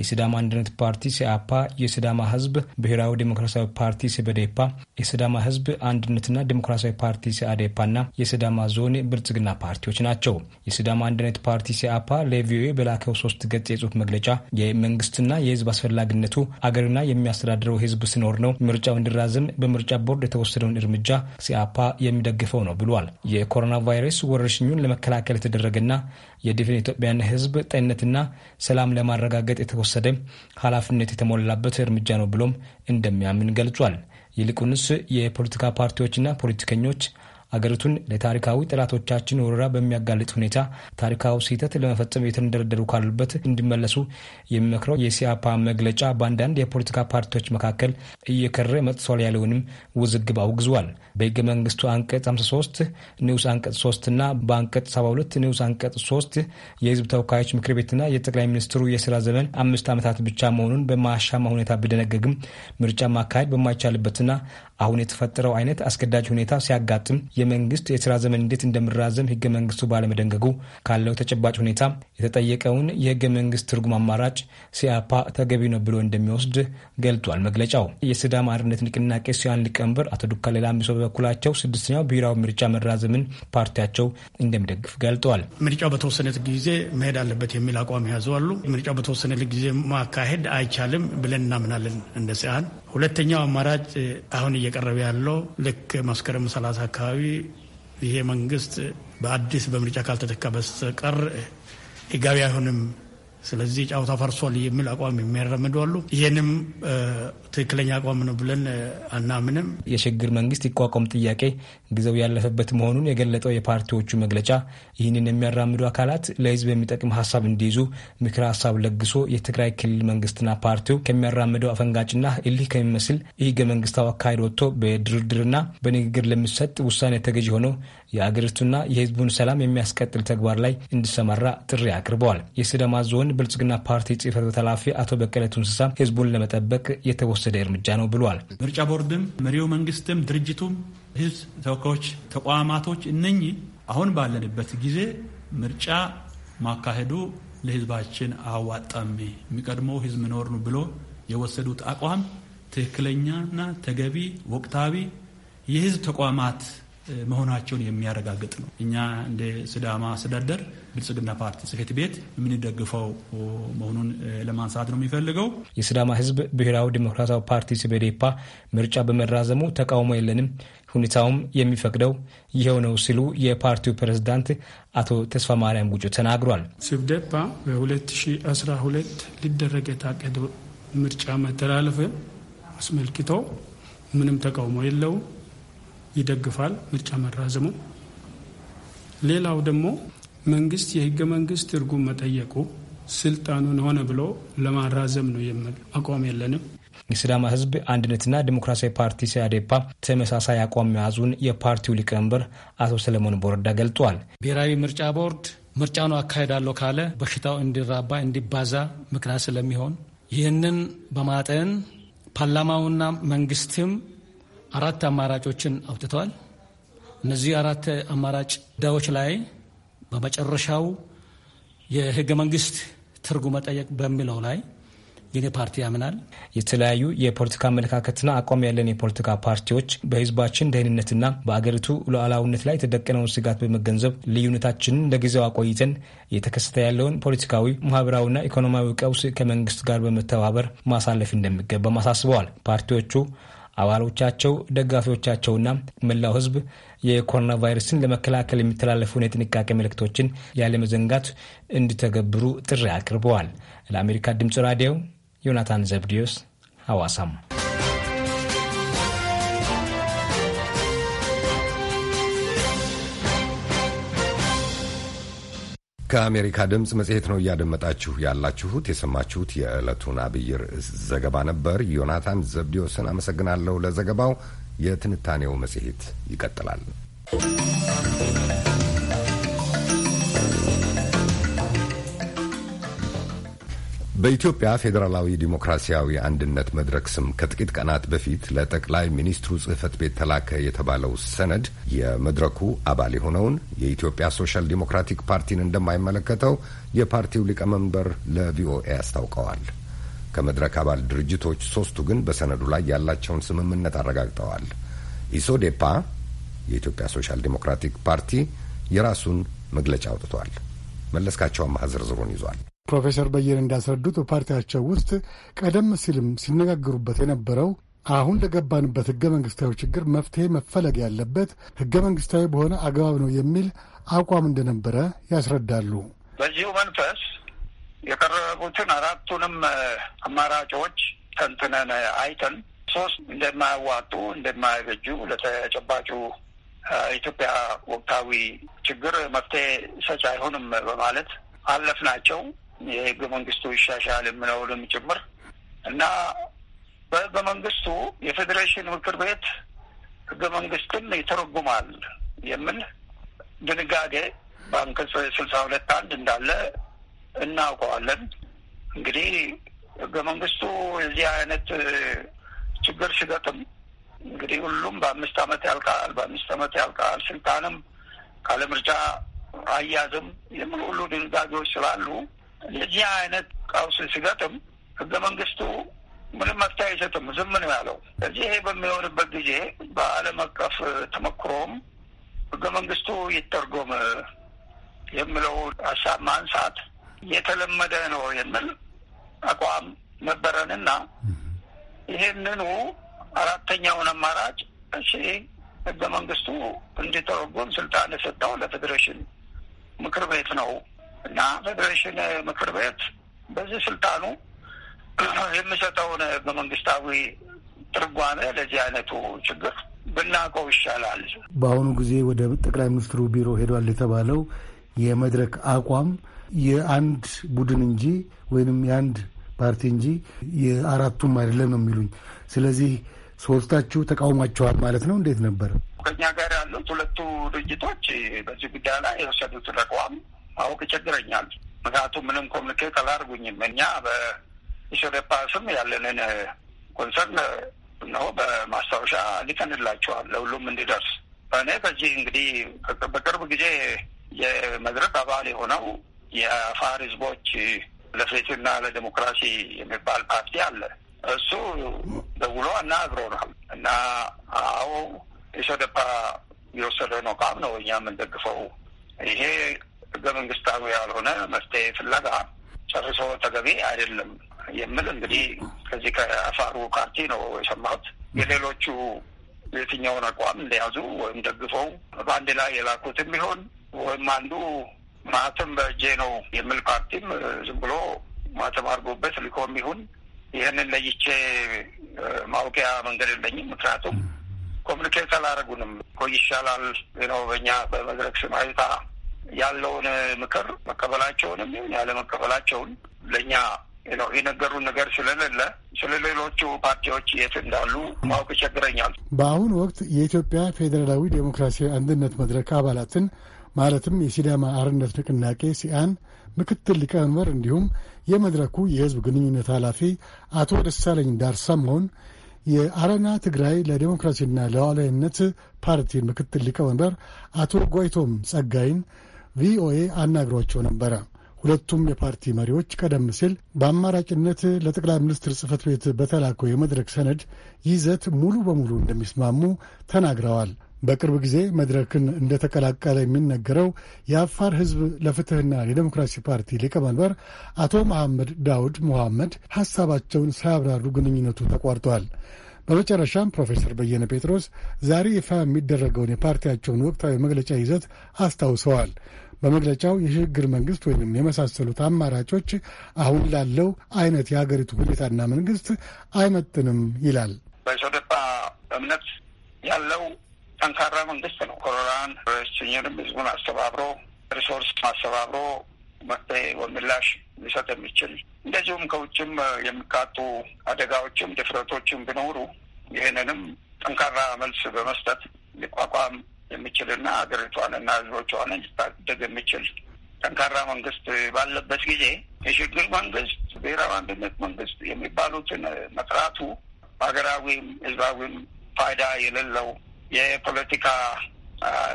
የስዳማ አንድነት ፓርቲ ሲአፓ፣ የስዳማ ህዝብ ብሔራዊ ዴሞክራሲያዊ ፓርቲ ሲበዴፓ፣ የስዳማ ህዝብ አንድነትና ዴሞክራሲያዊ ፓርቲ ሲአዴፓና የስዳማ ዞን ብልጽግና ፓርቲዎች ናቸው። የስዳማ አንድነት ፓርቲ ሲአፓ ለቪኦኤ በላከው ሶስት ገጽ የጽሁፍ መግለጫ የመንግስትና የህዝብ አስፈላጊነቱ አገርና የሚያስተዳድረው ህዝብ ሲኖር ነው ምርጫው እንዲራዘም በምርጫ ቦርድ የተወሰደውን እርምጃ ሲአፓ የሚደግፈው ነው ብሏል። የኮሮና ቫይረስ ወረርሽኙን ለመከላከል የተደረገና የዲፍን ኢትዮጵያን ህዝብ ጤንነትና ሰላም ለማረጋገጥ የተወሰ ከተወሰደ ኃላፊነት የተሞላበት እርምጃ ነው ብሎም እንደሚያምን ገልጿል። ይልቁንስ የፖለቲካ ፓርቲዎችና ፖለቲከኞች አገሪቱን ለታሪካዊ ጠላቶቻችን ወረራ በሚያጋልጥ ሁኔታ ታሪካዊ ስህተት ለመፈጸም የተንደረደሩ ካሉበት እንዲመለሱ የሚመክረው የሲያፓ መግለጫ በአንዳንድ የፖለቲካ ፓርቲዎች መካከል እየከረ መጥቷል ያለውንም ውዝግብ አውግዟል። በህገ መንግስቱ አንቀጽ 53 ንዑስ አንቀጽ 3 እና በአንቀጽ 72 ንዑስ አንቀጽ 3 የህዝብ ተወካዮች ምክር ቤትና የጠቅላይ ሚኒስትሩ የስራ ዘመን አምስት ዓመታት ብቻ መሆኑን በማያሻማ ሁኔታ ቢደነገግም ምርጫ ማካሄድ በማይቻልበትና አሁን የተፈጠረው አይነት አስገዳጅ ሁኔታ ሲያጋጥም የመንግስት የስራ ዘመን እንዴት እንደሚራዘም ህገ መንግስቱ ባለመደንገጉ ካለው ተጨባጭ ሁኔታ የተጠየቀውን የህገ መንግስት ትርጉም አማራጭ ሲያፓ ተገቢ ነው ብሎ እንደሚወስድ ገልጧል። መግለጫው የስዳማ አርነት ንቅናቄ ሲያን ሊቀመንበር አቶ ዱካ ሌላምሶ በበኩላቸው ስድስተኛው ብሔራዊ ምርጫ መራዘምን ፓርቲያቸው እንደሚደግፍ ገልጠዋል። ምርጫው በተወሰነ ጊዜ መሄድ አለበት የሚል አቋም የያዙ አሉ። ምርጫው በተወሰነ ጊዜ ማካሄድ አይቻልም ብለን እናምናለን እንደ ሲያን ሁለተኛው አማራጭ አሁን እየቀረበ ያለው ልክ መስከረም ሰላሳ አካባቢ ይሄ መንግስት በአዲስ በምርጫ ካልተተካ በስተቀር ህጋዊ አይሆንም ስለዚህ ጫውታ ፈርሷል የሚል አቋም የሚያራምዱ አሉ። ይህንም ትክክለኛ አቋም ነው ብለን አናምንም። የሽግግር መንግስት ይቋቋም ጥያቄ ጊዜው ያለፈበት መሆኑን የገለጠው የፓርቲዎቹ መግለጫ ይህንን የሚያራምዱ አካላት ለህዝብ የሚጠቅም ሀሳብ እንዲይዙ ምክረ ሀሳብ ለግሶ የትግራይ ክልል መንግስትና ፓርቲው ከሚያራምደው አፈንጋጭና እልህ ከሚመስል የህገ መንግስታዊ አካሄድ ወጥቶ በድርድርና በንግግር ለሚሰጥ ውሳኔ ተገዥ ሆነው የአገሪቱና የህዝቡን ሰላም የሚያስቀጥል ተግባር ላይ እንዲሰማራ ጥሪ አቅርበዋል። የስደማ ዞን ብልጽግና ፓርቲ ጽህፈት ቤት ኃላፊ አቶ በቀለ ቱንስሳ ህዝቡን ለመጠበቅ የተወሰደ እርምጃ ነው ብሏል። ምርጫ ቦርድም መሪው መንግስትም ድርጅቱም ህዝብ ተወካዮች ተቋማቶች እነኚህ አሁን ባለንበት ጊዜ ምርጫ ማካሄዱ ለህዝባችን አዋጣም የሚቀድመው ህዝብ ኖር ነው ብሎ የወሰዱት አቋም ትክክለኛና ተገቢ ወቅታዊ የህዝብ ተቋማት መሆናቸውን የሚያረጋግጥ ነው። እኛ እንደ ስዳማ አስተዳደር ብልጽግና ፓርቲ ጽሕፈት ቤት የምንደግፈው መሆኑን ለማንሳት ነው የሚፈልገው። የስዳማ ህዝብ ብሔራዊ ዲሞክራሲያዊ ፓርቲ ስብዴፓ ምርጫ በመራዘሙ ተቃውሞ የለንም፣ ሁኔታውም የሚፈቅደው ይኸው ነው ሲሉ የፓርቲው ፕሬዝዳንት አቶ ተስፋ ማርያም ጉጩ ተናግሯል። ስብደፓ በ2012 ሊደረግ የታቀደ ምርጫ መተላለፍ አስመልክቶ ምንም ተቃውሞ የለውም ይደግፋል ምርጫ መራዘሙ። ሌላው ደግሞ መንግስት የህገ መንግስት ትርጉም መጠየቁ ስልጣኑን ሆነ ብሎ ለማራዘም ነው የሚል አቋም የለንም። የስዳማ ህዝብ አንድነትና ዲሞክራሲያዊ ፓርቲ ሲያዴፓ ተመሳሳይ አቋም መያዙን የፓርቲው ሊቀመንበር አቶ ሰለሞን ቦረዳ ገልጧል። ብሔራዊ ምርጫ ቦርድ ምርጫኑ አካሄዳለሁ ካለ በሽታው እንዲራባ እንዲባዛ ምክንያት ስለሚሆን ይህንን በማጠን ፓርላማውና መንግስትም አራት አማራጮችን አውጥተዋል። እነዚህ አራት አማራጭ ዳዎች ላይ በመጨረሻው የህገ መንግስት ትርጉም መጠየቅ በሚለው ላይ የኔ ፓርቲ ያምናል። የተለያዩ የፖለቲካ አመለካከትና አቋም ያለን የፖለቲካ ፓርቲዎች በህዝባችን ደህንነትና በአገሪቱ ሉዓላዊነት ላይ የተደቀነውን ስጋት በመገንዘብ ልዩነታችንን ለጊዜው አቆይተን እየተከሰተ ያለውን ፖለቲካዊ፣ ማህበራዊና ኢኮኖሚያዊ ቀውስ ከመንግስት ጋር በመተባበር ማሳለፍ እንደሚገባም አሳስበዋል። ፓርቲዎቹ አባሎቻቸው፣ ደጋፊዎቻቸውና መላው ህዝብ የኮሮና ቫይረስን ለመከላከል የሚተላለፉን የጥንቃቄ መልእክቶችን ያለመዘንጋት እንዲተገብሩ ጥሪ አቅርበዋል። ለአሜሪካ ድምፅ ራዲዮ ዮናታን ዘብዲዮስ ሐዋሳም ከአሜሪካ ድምፅ መጽሔት ነው እያደመጣችሁ ያላችሁት። የሰማችሁት የዕለቱን አብይ ርዕስ ዘገባ ነበር። ዮናታን ዘብዲዮስን አመሰግናለሁ ለዘገባው። የትንታኔው መጽሔት ይቀጥላል። በኢትዮጵያ ፌዴራላዊ ዲሞክራሲያዊ አንድነት መድረክ ስም ከጥቂት ቀናት በፊት ለጠቅላይ ሚኒስትሩ ጽህፈት ቤት ተላከ የተባለው ሰነድ የመድረኩ አባል የሆነውን የኢትዮጵያ ሶሻል ዲሞክራቲክ ፓርቲን እንደማይመለከተው የፓርቲው ሊቀመንበር ለቪኦኤ አስታውቀዋል። ከመድረክ አባል ድርጅቶች ሶስቱ ግን በሰነዱ ላይ ያላቸውን ስምምነት አረጋግጠዋል። ኢሶዴፓ የኢትዮጵያ ሶሻል ዲሞክራቲክ ፓርቲ የራሱን መግለጫ አውጥቷል። መለስካቸው አማሃ ዝርዝሩን ይዟል። ፕሮፌሰር በየነ እንዳስረዱት በፓርቲያቸው ውስጥ ቀደም ሲልም ሲነጋገሩበት የነበረው አሁን ለገባንበት ህገ መንግስታዊ ችግር መፍትሄ መፈለግ ያለበት ህገ መንግስታዊ በሆነ አግባብ ነው የሚል አቋም እንደነበረ ያስረዳሉ። በዚሁ መንፈስ የቀረቡትን አራቱንም አማራጮች ተንትነን አይተን ሶስት እንደማያዋጡ እንደማያበጁ ለተጨባጩ ኢትዮጵያ ወቅታዊ ችግር መፍትሄ ሰጭ አይሆንም በማለት አለፍናቸው። የህገ መንግስቱ ይሻሻል የምለውንም ጭምር እና በህገ መንግስቱ የፌዴሬሽን ምክር ቤት ህገ መንግስትን ይተረጉማል የሚል ድንጋጌ በአንቀጽ ስልሳ ሁለት አንድ እንዳለ እናውቀዋለን። እንግዲህ ህገ መንግስቱ የዚህ አይነት ችግር ሲገጥም እንግዲህ ሁሉም በአምስት አመት ያልቃል፣ በአምስት አመት ያልቃል፣ ስልጣንም ካለ ምርጫ አያዝም የሚሉ ሁሉ ድንጋጌዎች ስላሉ የዚህ አይነት ቀውስ ሲገጥም ህገ መንግስቱ ምንም መፍትሄ አይሰጥም፣ ዝም ነው ያለው። እዚህ ይሄ በሚሆንበት ጊዜ በዓለም አቀፍ ተመክሮም ህገ መንግስቱ ይተርጎም የሚለው ሀሳብ ማንሳት የተለመደ ነው የሚል አቋም ነበረንና ይህንኑ አራተኛውን አማራጭ እሺ ህገ መንግስቱ እንዲተረጎም ስልጣን የሰጠው ለፌዴሬሽን ምክር ቤት ነው እና ፌዴሬሽን ምክር ቤት በዚህ ስልጣኑ የምሰጠውን በመንግስታዊ ትርጓሜ ለዚህ አይነቱ ችግር ብናቀው ይሻላል። በአሁኑ ጊዜ ወደ ጠቅላይ ሚኒስትሩ ቢሮ ሄዷል የተባለው የመድረክ አቋም የአንድ ቡድን እንጂ ወይንም የአንድ ፓርቲ እንጂ የአራቱም አይደለም ነው የሚሉኝ። ስለዚህ ሶስታችሁ ተቃውሟቸዋል ማለት ነው። እንዴት ነበር? ከኛ ጋር ያሉት ሁለቱ ድርጅቶች በዚህ ጉዳይ ላይ የወሰዱትን አቋም አውቅ ይቸግረኛል። ምክንያቱም ምንም ኮሚኒኬት አላርጉኝም። እኛ በኢሶደፓ ስም ያለንን ኮንሰርን ነው በማስታወሻ ሊቀንላቸዋል ለሁሉም እንዲደርስ። እኔ በዚህ እንግዲህ በቅርብ ጊዜ የመድረክ አባል የሆነው የአፋር ህዝቦች ለፍትህና ለዲሞክራሲ የሚባል ፓርቲ አለ። እሱ ደውሎ አናግሮናል እና አዎ ኢሶደፓ የወሰደ ነው ቃም ነው እኛ የምንደግፈው ይሄ ህገ መንግስታዊ ያልሆነ መፍትሄ ፍለጋ ጨርሶ ተገቢ አይደለም የምል እንግዲህ ከዚህ ከአፋሩ ፓርቲ ነው የሰማሁት። የሌሎቹ የትኛውን አቋም እንደያዙ ወይም ደግፈው በአንድ ላይ የላኩትም ቢሆን ወይም አንዱ ማህተም በእጄ ነው የምል ፓርቲም ዝም ብሎ ማህተም አድርጎበት ልኮም ይሁን ይህንን ለይቼ ማውቂያ መንገድ የለኝም። ምክንያቱም ኮሚኒኬት አላደረጉንም እኮ ይሻላል ነው በእኛ በመድረክ ስማይታ ያለውን ምክር መቀበላቸውንም ይሁን ያለመቀበላቸውን ለእኛ ነው የነገሩን ነገር ስለሌለ ስለ ሌሎቹ ፓርቲዎች የት እንዳሉ ማወቅ ይቸግረኛል። በአሁኑ ወቅት የኢትዮጵያ ፌዴራላዊ ዴሞክራሲያዊ አንድነት መድረክ አባላትን ማለትም የሲዳማ አርነት ንቅናቄ ሲአን ምክትል ሊቀመንበር እንዲሁም የመድረኩ የህዝብ ግንኙነት ኃላፊ አቶ ደሳለኝ ዳርሳሞን የአረና ትግራይ ለዴሞክራሲና ለዋላዊነት ፓርቲ ምክትል ሊቀመንበር አቶ ጎይቶም ጸጋይን ቪኦኤ አናግሯቸው ነበረ። ሁለቱም የፓርቲ መሪዎች ቀደም ሲል በአማራጭነት ለጠቅላይ ሚኒስትር ጽህፈት ቤት በተላከው የመድረክ ሰነድ ይዘት ሙሉ በሙሉ እንደሚስማሙ ተናግረዋል። በቅርብ ጊዜ መድረክን እንደተቀላቀለ የሚነገረው የአፋር ህዝብ ለፍትህና ለዴሞክራሲ ፓርቲ ሊቀመንበር አቶ መሐመድ ዳውድ ሙሐመድ ሐሳባቸውን ሳያብራሩ ግንኙነቱ ተቋርጧል። በመጨረሻም ፕሮፌሰር በየነ ጴጥሮስ ዛሬ ይፋ የሚደረገውን የፓርቲያቸውን ወቅታዊ መግለጫ ይዘት አስታውሰዋል። በመግለጫው የሽግግር መንግስት ወይም የመሳሰሉት አማራጮች አሁን ላለው አይነት የሀገሪቱ ሁኔታና መንግስት አይመጥንም ይላል። በኢሶደፓ እምነት ያለው ጠንካራ መንግስት ነው። ኮሮናን ችኝንም ህዝቡን አስተባብሮ ሪሶርስ አስተባብሮ መፍትሄ ወይ ሊሰጥ የሚችል እንደዚሁም ከውጭም የሚቃጡ አደጋዎችም ድፍረቶችም ቢኖሩ ይህንንም ጠንካራ መልስ በመስጠት ሊቋቋም የሚችልና ሀገሪቷንና ህዝቦቿን ሊታደግ የሚችል ጠንካራ መንግስት ባለበት ጊዜ የሽግግር መንግስት፣ ብሔራዊ አንድነት መንግስት የሚባሉትን መጥራቱ ሀገራዊም ህዝባዊም ፋይዳ የሌለው የፖለቲካ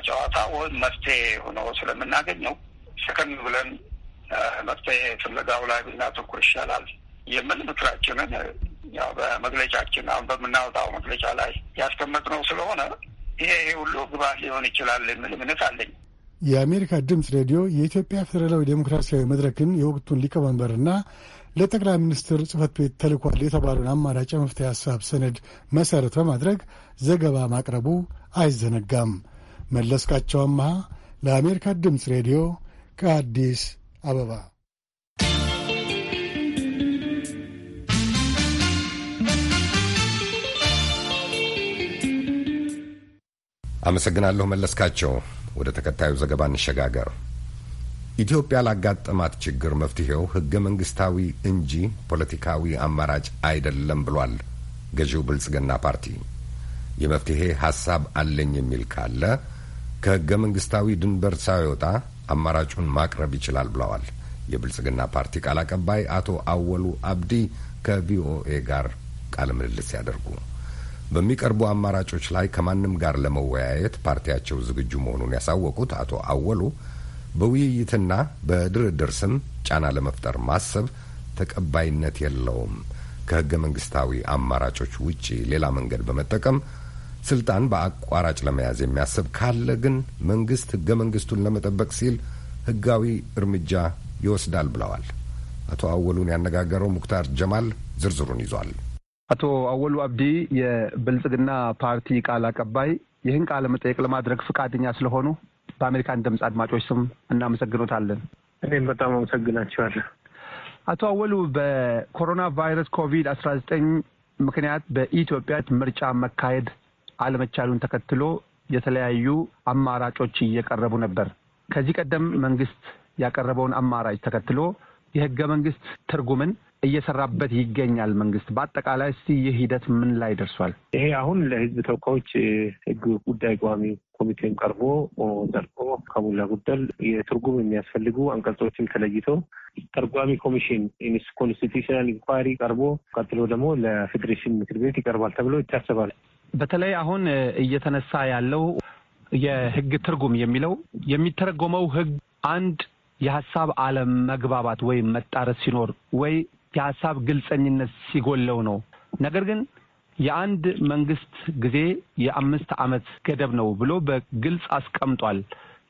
ጨዋታ ወይም መፍትሄ ሆኖ ስለምናገኘው ሰከን ብለን መፍትሄ ፍለጋው ላይ ብናተኩር ይሻላል የምን ምክራችንን ያው በመግለጫችን አሁን በምናወጣው መግለጫ ላይ ያስቀመጥነው ስለሆነ ይሄ ሁሉ ግባት ሊሆን ይችላል የሚል እምነት አለኝ። የአሜሪካ ድምፅ ሬዲዮ የኢትዮጵያ ፌዴራላዊ ዴሞክራሲያዊ መድረክን የወቅቱን ሊቀመንበርና ለጠቅላይ ሚኒስትር ጽህፈት ቤት ተልኳል የተባለውን አማራጭ መፍትሄ ሀሳብ ሰነድ መሰረት በማድረግ ዘገባ ማቅረቡ አይዘነጋም። መለስካቸው አምሃ ለአሜሪካ ድምፅ ሬዲዮ ከአዲስ አበባ አመሰግናለሁ መለስካቸው። ወደ ተከታዩ ዘገባ እንሸጋገር። ኢትዮጵያ ላጋጠማት ችግር መፍትሄው ህገ መንግስታዊ እንጂ ፖለቲካዊ አማራጭ አይደለም ብሏል ገዢው ብልጽግና ፓርቲ። የመፍትሄ ሀሳብ አለኝ የሚል ካለ ከህገ መንግስታዊ ድንበር ሳይወጣ አማራጩን ማቅረብ ይችላል ብለዋል የብልጽግና ፓርቲ ቃል አቀባይ አቶ አወሉ አብዲ ከቪኦኤ ጋር ቃለ ምልልስ ያደርጉ በሚቀርቡ አማራጮች ላይ ከማንም ጋር ለመወያየት ፓርቲያቸው ዝግጁ መሆኑን ያሳወቁት አቶ አወሉ በውይይትና በድርድር ስም ጫና ለመፍጠር ማሰብ ተቀባይነት የለውም፣ ከህገ መንግስታዊ አማራጮች ውጪ ሌላ መንገድ በመጠቀም ስልጣን በአቋራጭ ለመያዝ የሚያስብ ካለ ግን መንግስት ህገ መንግስቱን ለመጠበቅ ሲል ህጋዊ እርምጃ ይወስዳል ብለዋል። አቶ አወሉን ያነጋገረው ሙክታር ጀማል ዝርዝሩን ይዟል። አቶ አወሉ አብዲ የብልጽግና ፓርቲ ቃል አቀባይ ይህን ቃለ መጠየቅ ለማድረግ ፈቃደኛ ስለሆኑ በአሜሪካን ድምፅ አድማጮች ስም እናመሰግኖታለን። እኔም በጣም አመሰግናቸዋለሁ። አቶ አወሉ በኮሮና ቫይረስ ኮቪድ አስራ ዘጠኝ ምክንያት በኢትዮጵያ ምርጫ መካሄድ አለመቻሉን ተከትሎ የተለያዩ አማራጮች እየቀረቡ ነበር። ከዚህ ቀደም መንግስት ያቀረበውን አማራጭ ተከትሎ የህገ መንግስት ትርጉምን እየሰራበት ይገኛል መንግስት። በአጠቃላይ እስቲ ይህ ሂደት ምን ላይ ደርሷል? ይሄ አሁን ለህዝብ ተወካዮች ህግ ጉዳይ ቋሚ ኮሚቴም ቀርቦ ጸድቆ ከሞላ ጎደል የትርጉም የሚያስፈልጉ አንቀጾችም ተለይተው ተርጓሚ ኮሚሽን ኢንስ ኮንስቲቱሽናል ኢንኳሪ ቀርቦ ቀጥሎ ደግሞ ለፌዴሬሽን ምክር ቤት ይቀርባል ተብሎ ይታሰባል። በተለይ አሁን እየተነሳ ያለው የህግ ትርጉም የሚለው የሚተረጎመው ህግ አንድ የሀሳብ አለመግባባት ወይም መጣረስ ሲኖር ወይ የሀሳብ ግልጸኝነት ሲጎለው ነው። ነገር ግን የአንድ መንግስት ጊዜ የአምስት ዓመት ገደብ ነው ብሎ በግልጽ አስቀምጧል።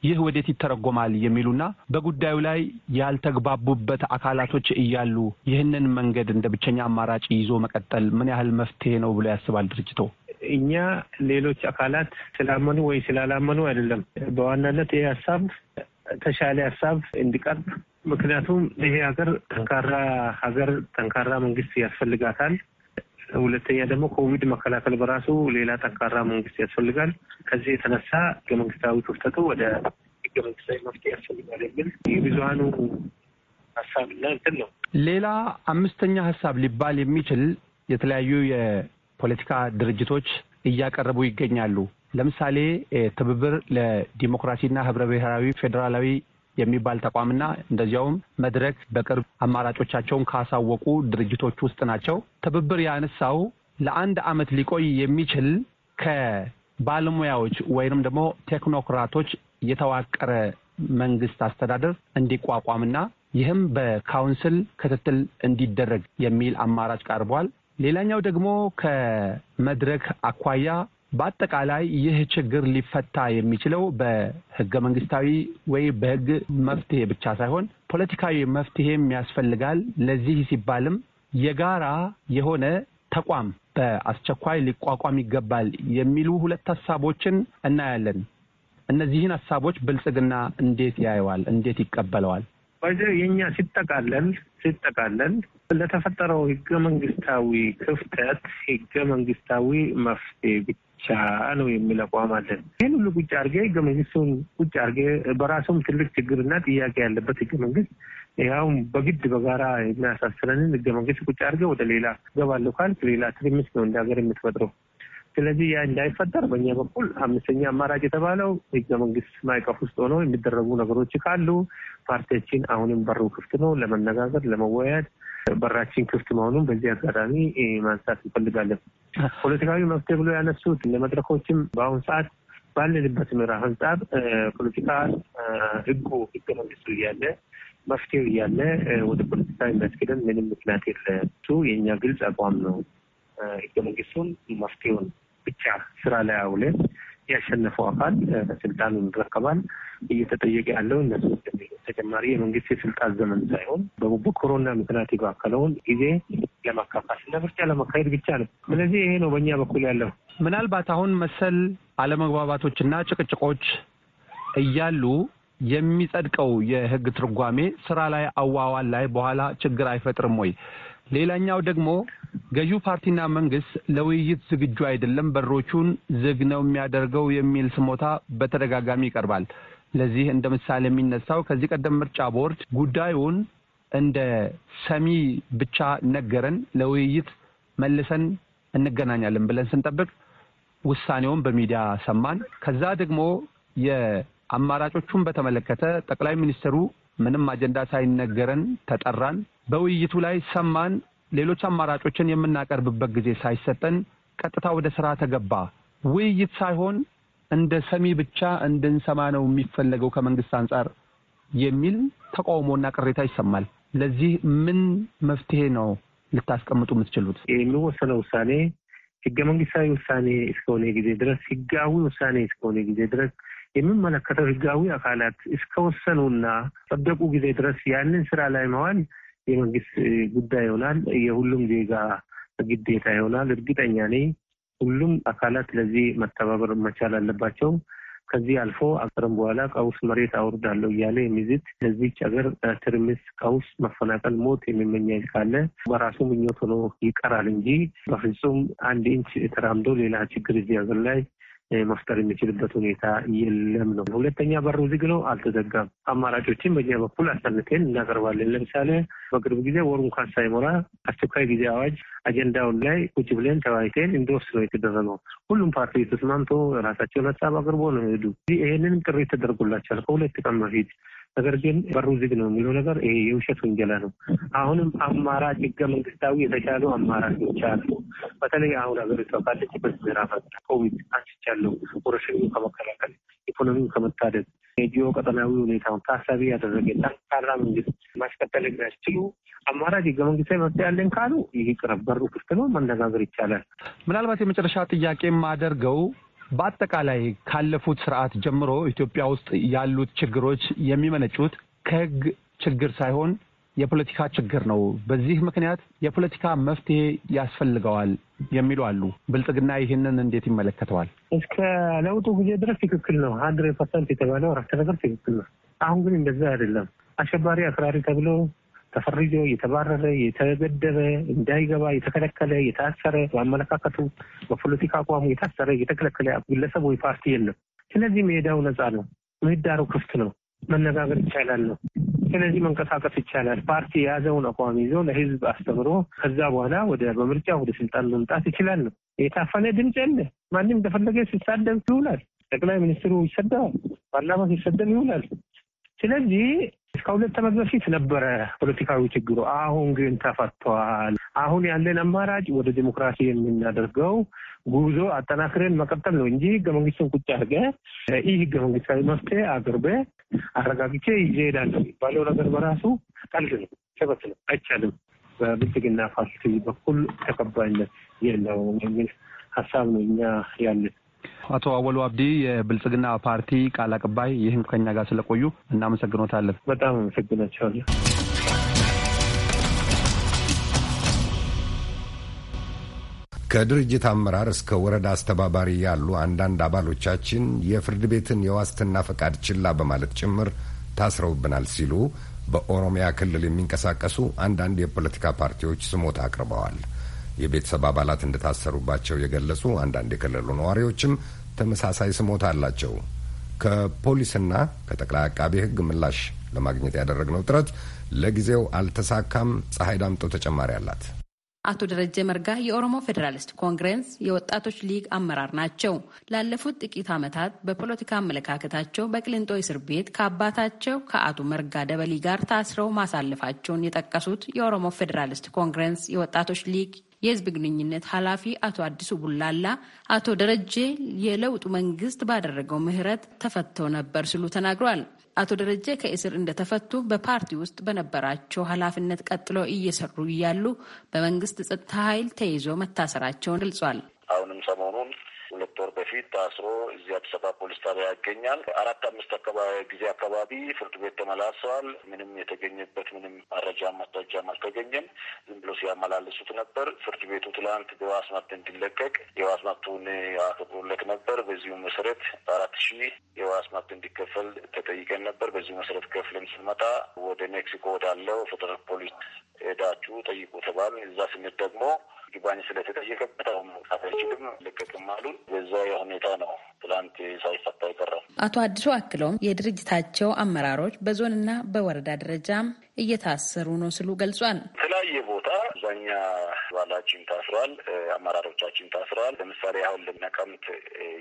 ይህ ወዴት ይተረጎማል የሚሉና በጉዳዩ ላይ ያልተግባቡበት አካላቶች እያሉ ይህንን መንገድ እንደ ብቸኛ አማራጭ ይዞ መቀጠል ምን ያህል መፍትሄ ነው ብሎ ያስባል ድርጅቶ? እኛ ሌሎች አካላት ስላመኑ ወይ ስላላመኑ አይደለም። በዋናነት ይህ ሀሳብ ተሻለ ሀሳብ እንዲቀርብ ምክንያቱም ይሄ ሀገር ጠንካራ ሀገር ጠንካራ መንግስት ያስፈልጋታል። ሁለተኛ ደግሞ ኮቪድ መከላከል በራሱ ሌላ ጠንካራ መንግስት ያስፈልጋል። ከዚህ የተነሳ ህገ መንግስታዊ ክፍተቱ ወደ ህገ መንግስታዊ መፍትሄ ያስፈልጋል የሚል የብዙሀኑ ሀሳብና እንትን ነው። ሌላ አምስተኛ ሀሳብ ሊባል የሚችል የተለያዩ የፖለቲካ ድርጅቶች እያቀረቡ ይገኛሉ። ለምሳሌ ትብብር ለዲሞክራሲና ህብረ ብሔራዊ ፌዴራላዊ የሚባል ተቋምና እንደዚያውም መድረክ በቅርብ አማራጮቻቸውን ካሳወቁ ድርጅቶች ውስጥ ናቸው። ትብብር ያነሳው ለአንድ ዓመት ሊቆይ የሚችል ከባለሙያዎች ወይንም ደግሞ ቴክኖክራቶች የተዋቀረ መንግስት አስተዳደር እንዲቋቋምና ይህም በካውንስል ክትትል እንዲደረግ የሚል አማራጭ ቀርቧል። ሌላኛው ደግሞ ከመድረክ አኳያ በአጠቃላይ ይህ ችግር ሊፈታ የሚችለው በህገ መንግስታዊ ወይ በህግ መፍትሄ ብቻ ሳይሆን ፖለቲካዊ መፍትሄም ያስፈልጋል። ለዚህ ሲባልም የጋራ የሆነ ተቋም በአስቸኳይ ሊቋቋም ይገባል የሚሉ ሁለት ሀሳቦችን እናያለን። እነዚህን ሀሳቦች ብልጽግና እንዴት ያየዋል? እንዴት ይቀበለዋል? በዚ የኛ ሲጠቃለል ሲጠቃለል ለተፈጠረው ህገ መንግስታዊ ክፍተት ህገ መንግስታዊ መፍትሄ ብቻ ነው የሚል አቋም አለን። ይህን ሁሉ ቁጭ አድርጌ ህገ መንግስቱን ቁጭ አድርጌ በራሱም ትልቅ ችግርና ጥያቄ ያለበት ህገ መንግስት ያውም በግድ በጋራ የሚያሳስረንን ህገ መንግስት ቁጭ አድርጌ ወደ ሌላ ገባለሁ ካልክ ሌላ ትርምስ ነው እንደ ሀገር የምትፈጥረው። ስለዚህ ያ እንዳይፈጠር በእኛ በኩል አምስተኛ አማራጭ የተባለው ህገ መንግስት ማዕቀፍ ውስጥ ሆነው የሚደረጉ ነገሮች ካሉ ፓርቲያችን አሁንም በሩ ክፍት ነው ለመነጋገር ለመወያየት በራችን ክፍት መሆኑን በዚህ አጋጣሚ ማንሳት እንፈልጋለን። ፖለቲካዊ መፍትሄ ብሎ ያነሱት ለመድረኮችም በአሁኑ ሰዓት ባለንበት ምዕራፍ አንጻር ፖለቲካ ህጉ ህገ መንግስቱ እያለ መፍትሄው እያለ ወደ ፖለቲካ የሚያስገደን ምንም ምክንያት የለ። እሱ የእኛ ግልጽ አቋም ነው። ህገ መንግስቱን መፍትሄውን ብቻ ስራ ላይ አውለን ያሸነፈው አካል ስልጣኑን ይረከባል። እየተጠየቀ ያለው እነሱ ተጨማሪ የመንግስት የስልጣን ዘመን ሳይሆን በቡቡ ኮሮና ምክንያት የባከለውን ጊዜ ለማካፋት እና ምርጫ ለማካሄድ ብቻ ነው። ስለዚህ ይሄ ነው በእኛ በኩል ያለው። ምናልባት አሁን መሰል አለመግባባቶችና ጭቅጭቆች እያሉ የሚጸድቀው የህግ ትርጓሜ ስራ ላይ አዋዋል ላይ በኋላ ችግር አይፈጥርም ወይ? ሌላኛው ደግሞ ገዢው ፓርቲና መንግስት ለውይይት ዝግጁ አይደለም፣ በሮቹን ዝግ ነው የሚያደርገው የሚል ስሞታ በተደጋጋሚ ይቀርባል። ለዚህ እንደ ምሳሌ የሚነሳው ከዚህ ቀደም ምርጫ ቦርድ ጉዳዩን እንደ ሰሚ ብቻ ነገረን፣ ለውይይት መልሰን እንገናኛለን ብለን ስንጠብቅ ውሳኔውን በሚዲያ ሰማን። ከዛ ደግሞ የአማራጮቹን በተመለከተ ጠቅላይ ሚኒስትሩ ምንም አጀንዳ ሳይነገረን ተጠራን። በውይይቱ ላይ ሰማን። ሌሎች አማራጮችን የምናቀርብበት ጊዜ ሳይሰጠን ቀጥታ ወደ ስራ ተገባ። ውይይት ሳይሆን እንደ ሰሚ ብቻ እንድንሰማ ነው የሚፈለገው ከመንግስት አንጻር የሚል ተቃውሞና ቅሬታ ይሰማል። ለዚህ ምን መፍትሄ ነው ልታስቀምጡ የምትችሉት? የሚወሰነው ውሳኔ ህገ መንግስታዊ ውሳኔ እስከሆነ ጊዜ ድረስ፣ ህጋዊ ውሳኔ እስከሆነ ጊዜ ድረስ የሚመለከተው ህጋዊ አካላት እስከወሰኑና ጸደቁ ጊዜ ድረስ ያንን ስራ ላይ መዋል የመንግስት ጉዳይ ይሆናል። የሁሉም ዜጋ ግዴታ ይሆናል። እርግጠኛ ነኝ ሁሉም አካላት ለዚህ መተባበር መቻል አለባቸው። ከዚህ አልፎ አቅርም በኋላ ቀውስ መሬት አውርዳለሁ እያለ የሚዝት ለዚች ሀገር ትርምስ፣ ቀውስ፣ መፈናቀል፣ ሞት የሚመኛል ካለ በራሱ ምኞት ሆኖ ይቀራል እንጂ በፍጹም አንድ ኢንች ተራምዶ ሌላ ችግር እዚህ ሀገር ላይ መፍጠር የሚችልበት ሁኔታ የለም ነው። ሁለተኛ በሩ ዝግ ነው፣ አልተዘጋም። አማራጮችን በኛ በኩል አሰልተን እናቀርባለን። ለምሳሌ በቅርብ ጊዜ ወሩ እንኳን ሳይሞላ አስቸኳይ ጊዜ አዋጅ አጀንዳውን ላይ ቁጭ ብለን ተወያይተን እንዲወስ ነው የተደረገው። ሁሉም ፓርቲ ተስማምቶ ራሳቸውን ሀሳብ አቅርቦ ነው ሄዱ። ይህንን ጥሪ ተደርጎላቸዋል ከሁለት ቀን በፊት ነገር ግን በሩ ዝግ ነው የሚለው ነገር የውሸት ውንጀላ ነው። አሁንም አማራጭ ህገ መንግስታዊ የተሻሉ አማራጮች አሉ። በተለይ አሁን ሀገሪቷ ካለችበት ምዕራፍ ኮቪድ አንስቻለሁ፣ ወረርሽኙ ከመከላከል ኢኮኖሚው ከመታደግ የጂኦ ቀጠናዊ ሁኔታውን ታሳቢ ያደረገ ጠንካራ መንግስት ማስቀጠል የሚያስችሉ አማራጭ ህገ መንግስታዊ መፍትሄ ያለን ካሉ ይህ ቅረብ በሩ ክፍት ነው፣ መነጋገር ይቻላል። ምናልባት የመጨረሻ ጥያቄ ማደርገው በአጠቃላይ ካለፉት ስርዓት ጀምሮ ኢትዮጵያ ውስጥ ያሉት ችግሮች የሚመነጩት ከህግ ችግር ሳይሆን የፖለቲካ ችግር ነው። በዚህ ምክንያት የፖለቲካ መፍትሄ ያስፈልገዋል የሚሉ አሉ። ብልጽግና ይህንን እንዴት ይመለከተዋል? እስከ ለውጡ ጊዜ ድረስ ትክክል ነው። አንድ ፐርሰንት የተባለው አራት ነገር ትክክል ነው። አሁን ግን እንደዛ አይደለም። አሸባሪ አክራሪ ተብሎ ተፈርጆ የተባረረ የተገደበ እንዳይገባ የተከለከለ የታሰረ በአመለካከቱ በፖለቲካ አቋሙ የታሰረ የተከለከለ ግለሰብ ወይ ፓርቲ የለም። ስለዚህ ሜዳው ነጻ ነው። ምህዳሩ ክፍት ነው። መነጋገር ይቻላል ነው። ስለዚህ መንቀሳቀስ ይቻላል። ፓርቲ የያዘውን አቋም ይዞ ለህዝብ አስተምሮ ከዛ በኋላ ወደ በምርጫ ወደ ስልጣን መምጣት ይችላል ነው። የታፈነ ድምፅ የለ። ማንም እንደፈለገ ሲሳደብ ይውላል። ጠቅላይ ሚኒስትሩ ይሰደባል። ፓርላማ ሲሰደብ ይውላል። ስለዚህ እስከ ሁለት ዓመት በፊት ነበረ ፖለቲካዊ ችግሩ። አሁን ግን ተፈቷል። አሁን ያለን አማራጭ ወደ ዲሞክራሲ የምናደርገው ጉዞ አጠናክረን መቀጠል ነው እንጂ ህገ መንግስቱን ቁጭ አድርገ ይህ ህገ መንግስታዊ መፍትሄ አቅርቤ አረጋግቼ ይዤ እሄዳለሁ የሚባለው ነገር በራሱ ቀልድ ነው፣ ሸበት ነው፣ አይቻልም። በብልጽግና ፓርቲ በኩል ተቀባይነት የለውም የሚል ሀሳብ ነው እኛ ያለን። አቶ አወሉ አብዲ የብልጽግና ፓርቲ ቃል አቀባይ፣ ይህም ከኛ ጋር ስለቆዩ እናመሰግኖታለን። በጣም አመሰግናቸዋለሁ። ከድርጅት አመራር እስከ ወረዳ አስተባባሪ ያሉ አንዳንድ አባሎቻችን የፍርድ ቤትን የዋስትና ፈቃድ ችላ በማለት ጭምር ታስረውብናል ሲሉ በኦሮሚያ ክልል የሚንቀሳቀሱ አንዳንድ የፖለቲካ ፓርቲዎች ስሞታ አቅርበዋል። የቤተሰብ አባላት እንደታሰሩባቸው የገለጹ አንዳንድ የክልሉ ነዋሪዎችም ተመሳሳይ ስሞታ አላቸው። ከፖሊስና ከጠቅላይ አቃቤ ሕግ ምላሽ ለማግኘት ያደረግነው ጥረት ለጊዜው አልተሳካም። ፀሐይ ዳምጦ ተጨማሪ አላት። አቶ ደረጀ መርጋ የኦሮሞ ፌዴራሊስት ኮንግረስ የወጣቶች ሊግ አመራር ናቸው። ላለፉት ጥቂት ዓመታት በፖለቲካ አመለካከታቸው በቅሊንጦ እስር ቤት ከአባታቸው ከአቶ መርጋ ደበሊ ጋር ታስረው ማሳለፋቸውን የጠቀሱት የኦሮሞ ፌዴራሊስት ኮንግረስ የወጣቶች ሊግ የህዝብ ግንኙነት ኃላፊ አቶ አዲሱ ቡላላ አቶ ደረጀ የለውጡ መንግስት ባደረገው ምህረት ተፈተው ነበር ሲሉ ተናግሯል። አቶ ደረጀ ከእስር እንደተፈቱ በፓርቲ ውስጥ በነበራቸው ኃላፊነት ቀጥሎ እየሰሩ እያሉ በመንግስት ጸጥታ ኃይል ተይዞ መታሰራቸውን ገልጿል። አሁንም ሰሞኑን ሁለት ወር በፊት ታስሮ እዚህ አዲስ አበባ ፖሊስ ጣቢያ ይገኛል። አራት አምስት አካባቢ ጊዜ አካባቢ ፍርድ ቤት ተመላሰዋል። ምንም የተገኘበት ምንም መረጃ ማስረጃም አልተገኘም። ዝም ብሎ ሲያመላልሱት ነበር። ፍርድ ቤቱ ትላንት በዋስ መብት እንዲለቀቅ የዋስ መብቱን አክብሮለት ነበር። በዚሁ መሰረት አራት ሺህ የዋስ መብት እንዲከፈል ተጠይቀን ነበር። በዚሁ መሰረት ከፍለን ስንመጣ ወደ ሜክሲኮ ወዳለው ፌደራል ፖሊስ ሄዳችሁ ጠይቁ ተባል። እዛ ስንሄድ ደግሞ ይግባኝ ስለተጠየቀበት አሁን መውጣት አይችልም ልቀቅም አሉን። በዛ ሁኔታ ነው ትላንት ሳይፈታ የቀረው። አቶ አዲሱ አክለውም የድርጅታቸው አመራሮች በዞንና በወረዳ ደረጃም እየታሰሩ ነው ስሉ ገልጿል። የተለያየ ቦታ አብዛኛ ባላችን ታስሯል፣ አመራሮቻችን ታስረዋል። ለምሳሌ አሁን ልነቀምት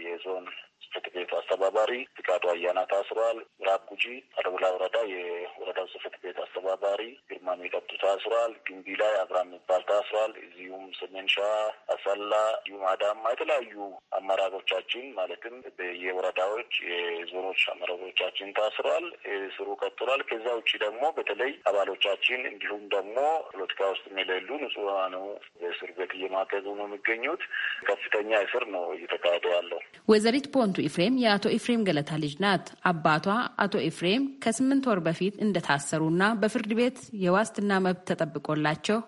የዞን ጽፈት ቤቱ አስተባባሪ ፍቃዱ አያና ታስሯል። ምዕራብ ጉጂ አደቡላ ወረዳ የወረዳው ጽፈት ቤት አስተባባሪ ግርማ ሚቀጡ ታስሯል። ግንቢ ላይ አብራ የሚባል ታስሯል። እዚሁም ሰሜን ሸዋ አሰላ፣ አዳማ የተለያዩ አመራሮቻችን ማለትም የወረዳዎች የዞኖች አመራሮቻችን ታስሯል። ስሩ ቀጥሏል። ከዛ ውጭ ደግሞ በተለይ አባሎቻችን እንዲሁም ደግሞ ፖለቲካ ውስጥ የሚለሉ ንጹሃን እስር ቤት እየማገዙ ነው የሚገኙት። ከፍተኛ እስር ነው እየተካሄደ ያለው። ወይዘሪት ቦን መኳንንቱ ኢፍሬም የአቶ ኢፍሬም ገለታ ልጅ ናት። አባቷ አቶ ኢፍሬም ከስምንት ወር በፊት እንደታሰሩና በፍርድ ቤት የዋስትና መብት ተጠብቆላቸው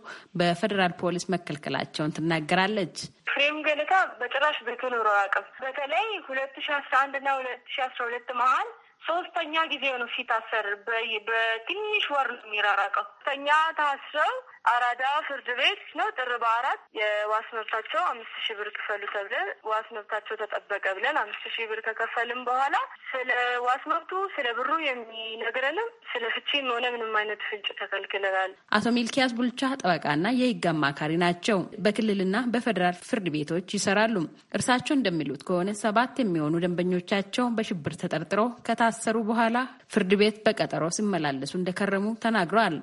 በፌዴራል ፖሊስ መከልከላቸውን ትናገራለች። ኢፍሬም ገለታ በጭራሽ ቤቱ ኖሮ አያውቅም። በተለይ ሁለት ሺ አስራ አንድ እና ሁለት ሺ አስራ ሁለት መሀል ሶስተኛ ጊዜ ነው ሲታሰር። በትንሽ ወር ነው የሚራራቀው። ሶስተኛ ታስረው አራዳ ፍርድ ቤት ነው ጥር በአራት የዋስ መብታቸው አምስት ሺህ ብር ክፈሉ ተብለን ዋስ መብታቸው ተጠበቀ ብለን አምስት ሺህ ብር ከከፈልም በኋላ ስለ ዋስ መብቱ ስለ ብሩ የሚነግረንም ስለ ፍቺም ሆነ ምንም አይነት ፍንጭ ተከልክለናል። አቶ ሚልኪያስ ቡልቻ ጠበቃና የህግ አማካሪ ናቸው። በክልልና በፌዴራል ፍርድ ቤቶች ይሰራሉ። እርሳቸው እንደሚሉት ከሆነ ሰባት የሚሆኑ ደንበኞቻቸው በሽብር ተጠርጥረው ከታሰሩ በኋላ ፍርድ ቤት በቀጠሮ ሲመላለሱ እንደከረሙ ተናግረዋል።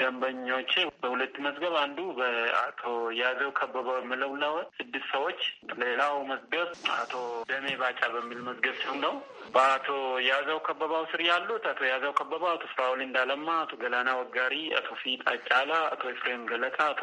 ደንበኞቼ በሁለት መዝገብ አንዱ በአቶ ያዘው ከበበ ምለውላወ ስድስት ሰዎች፣ ሌላው መዝገብ አቶ ደሜ ባጫ በሚል መዝገብ ሲሆን ነው። በአቶ ያዘው ከበባው ስር ያሉት አቶ ያዘው ከበባ፣ አቶ ስራውል እንዳለማ፣ አቶ ገላና ወጋሪ፣ አቶ ፊት አጫላ፣ አቶ ኤፍሬም ገለታ፣ አቶ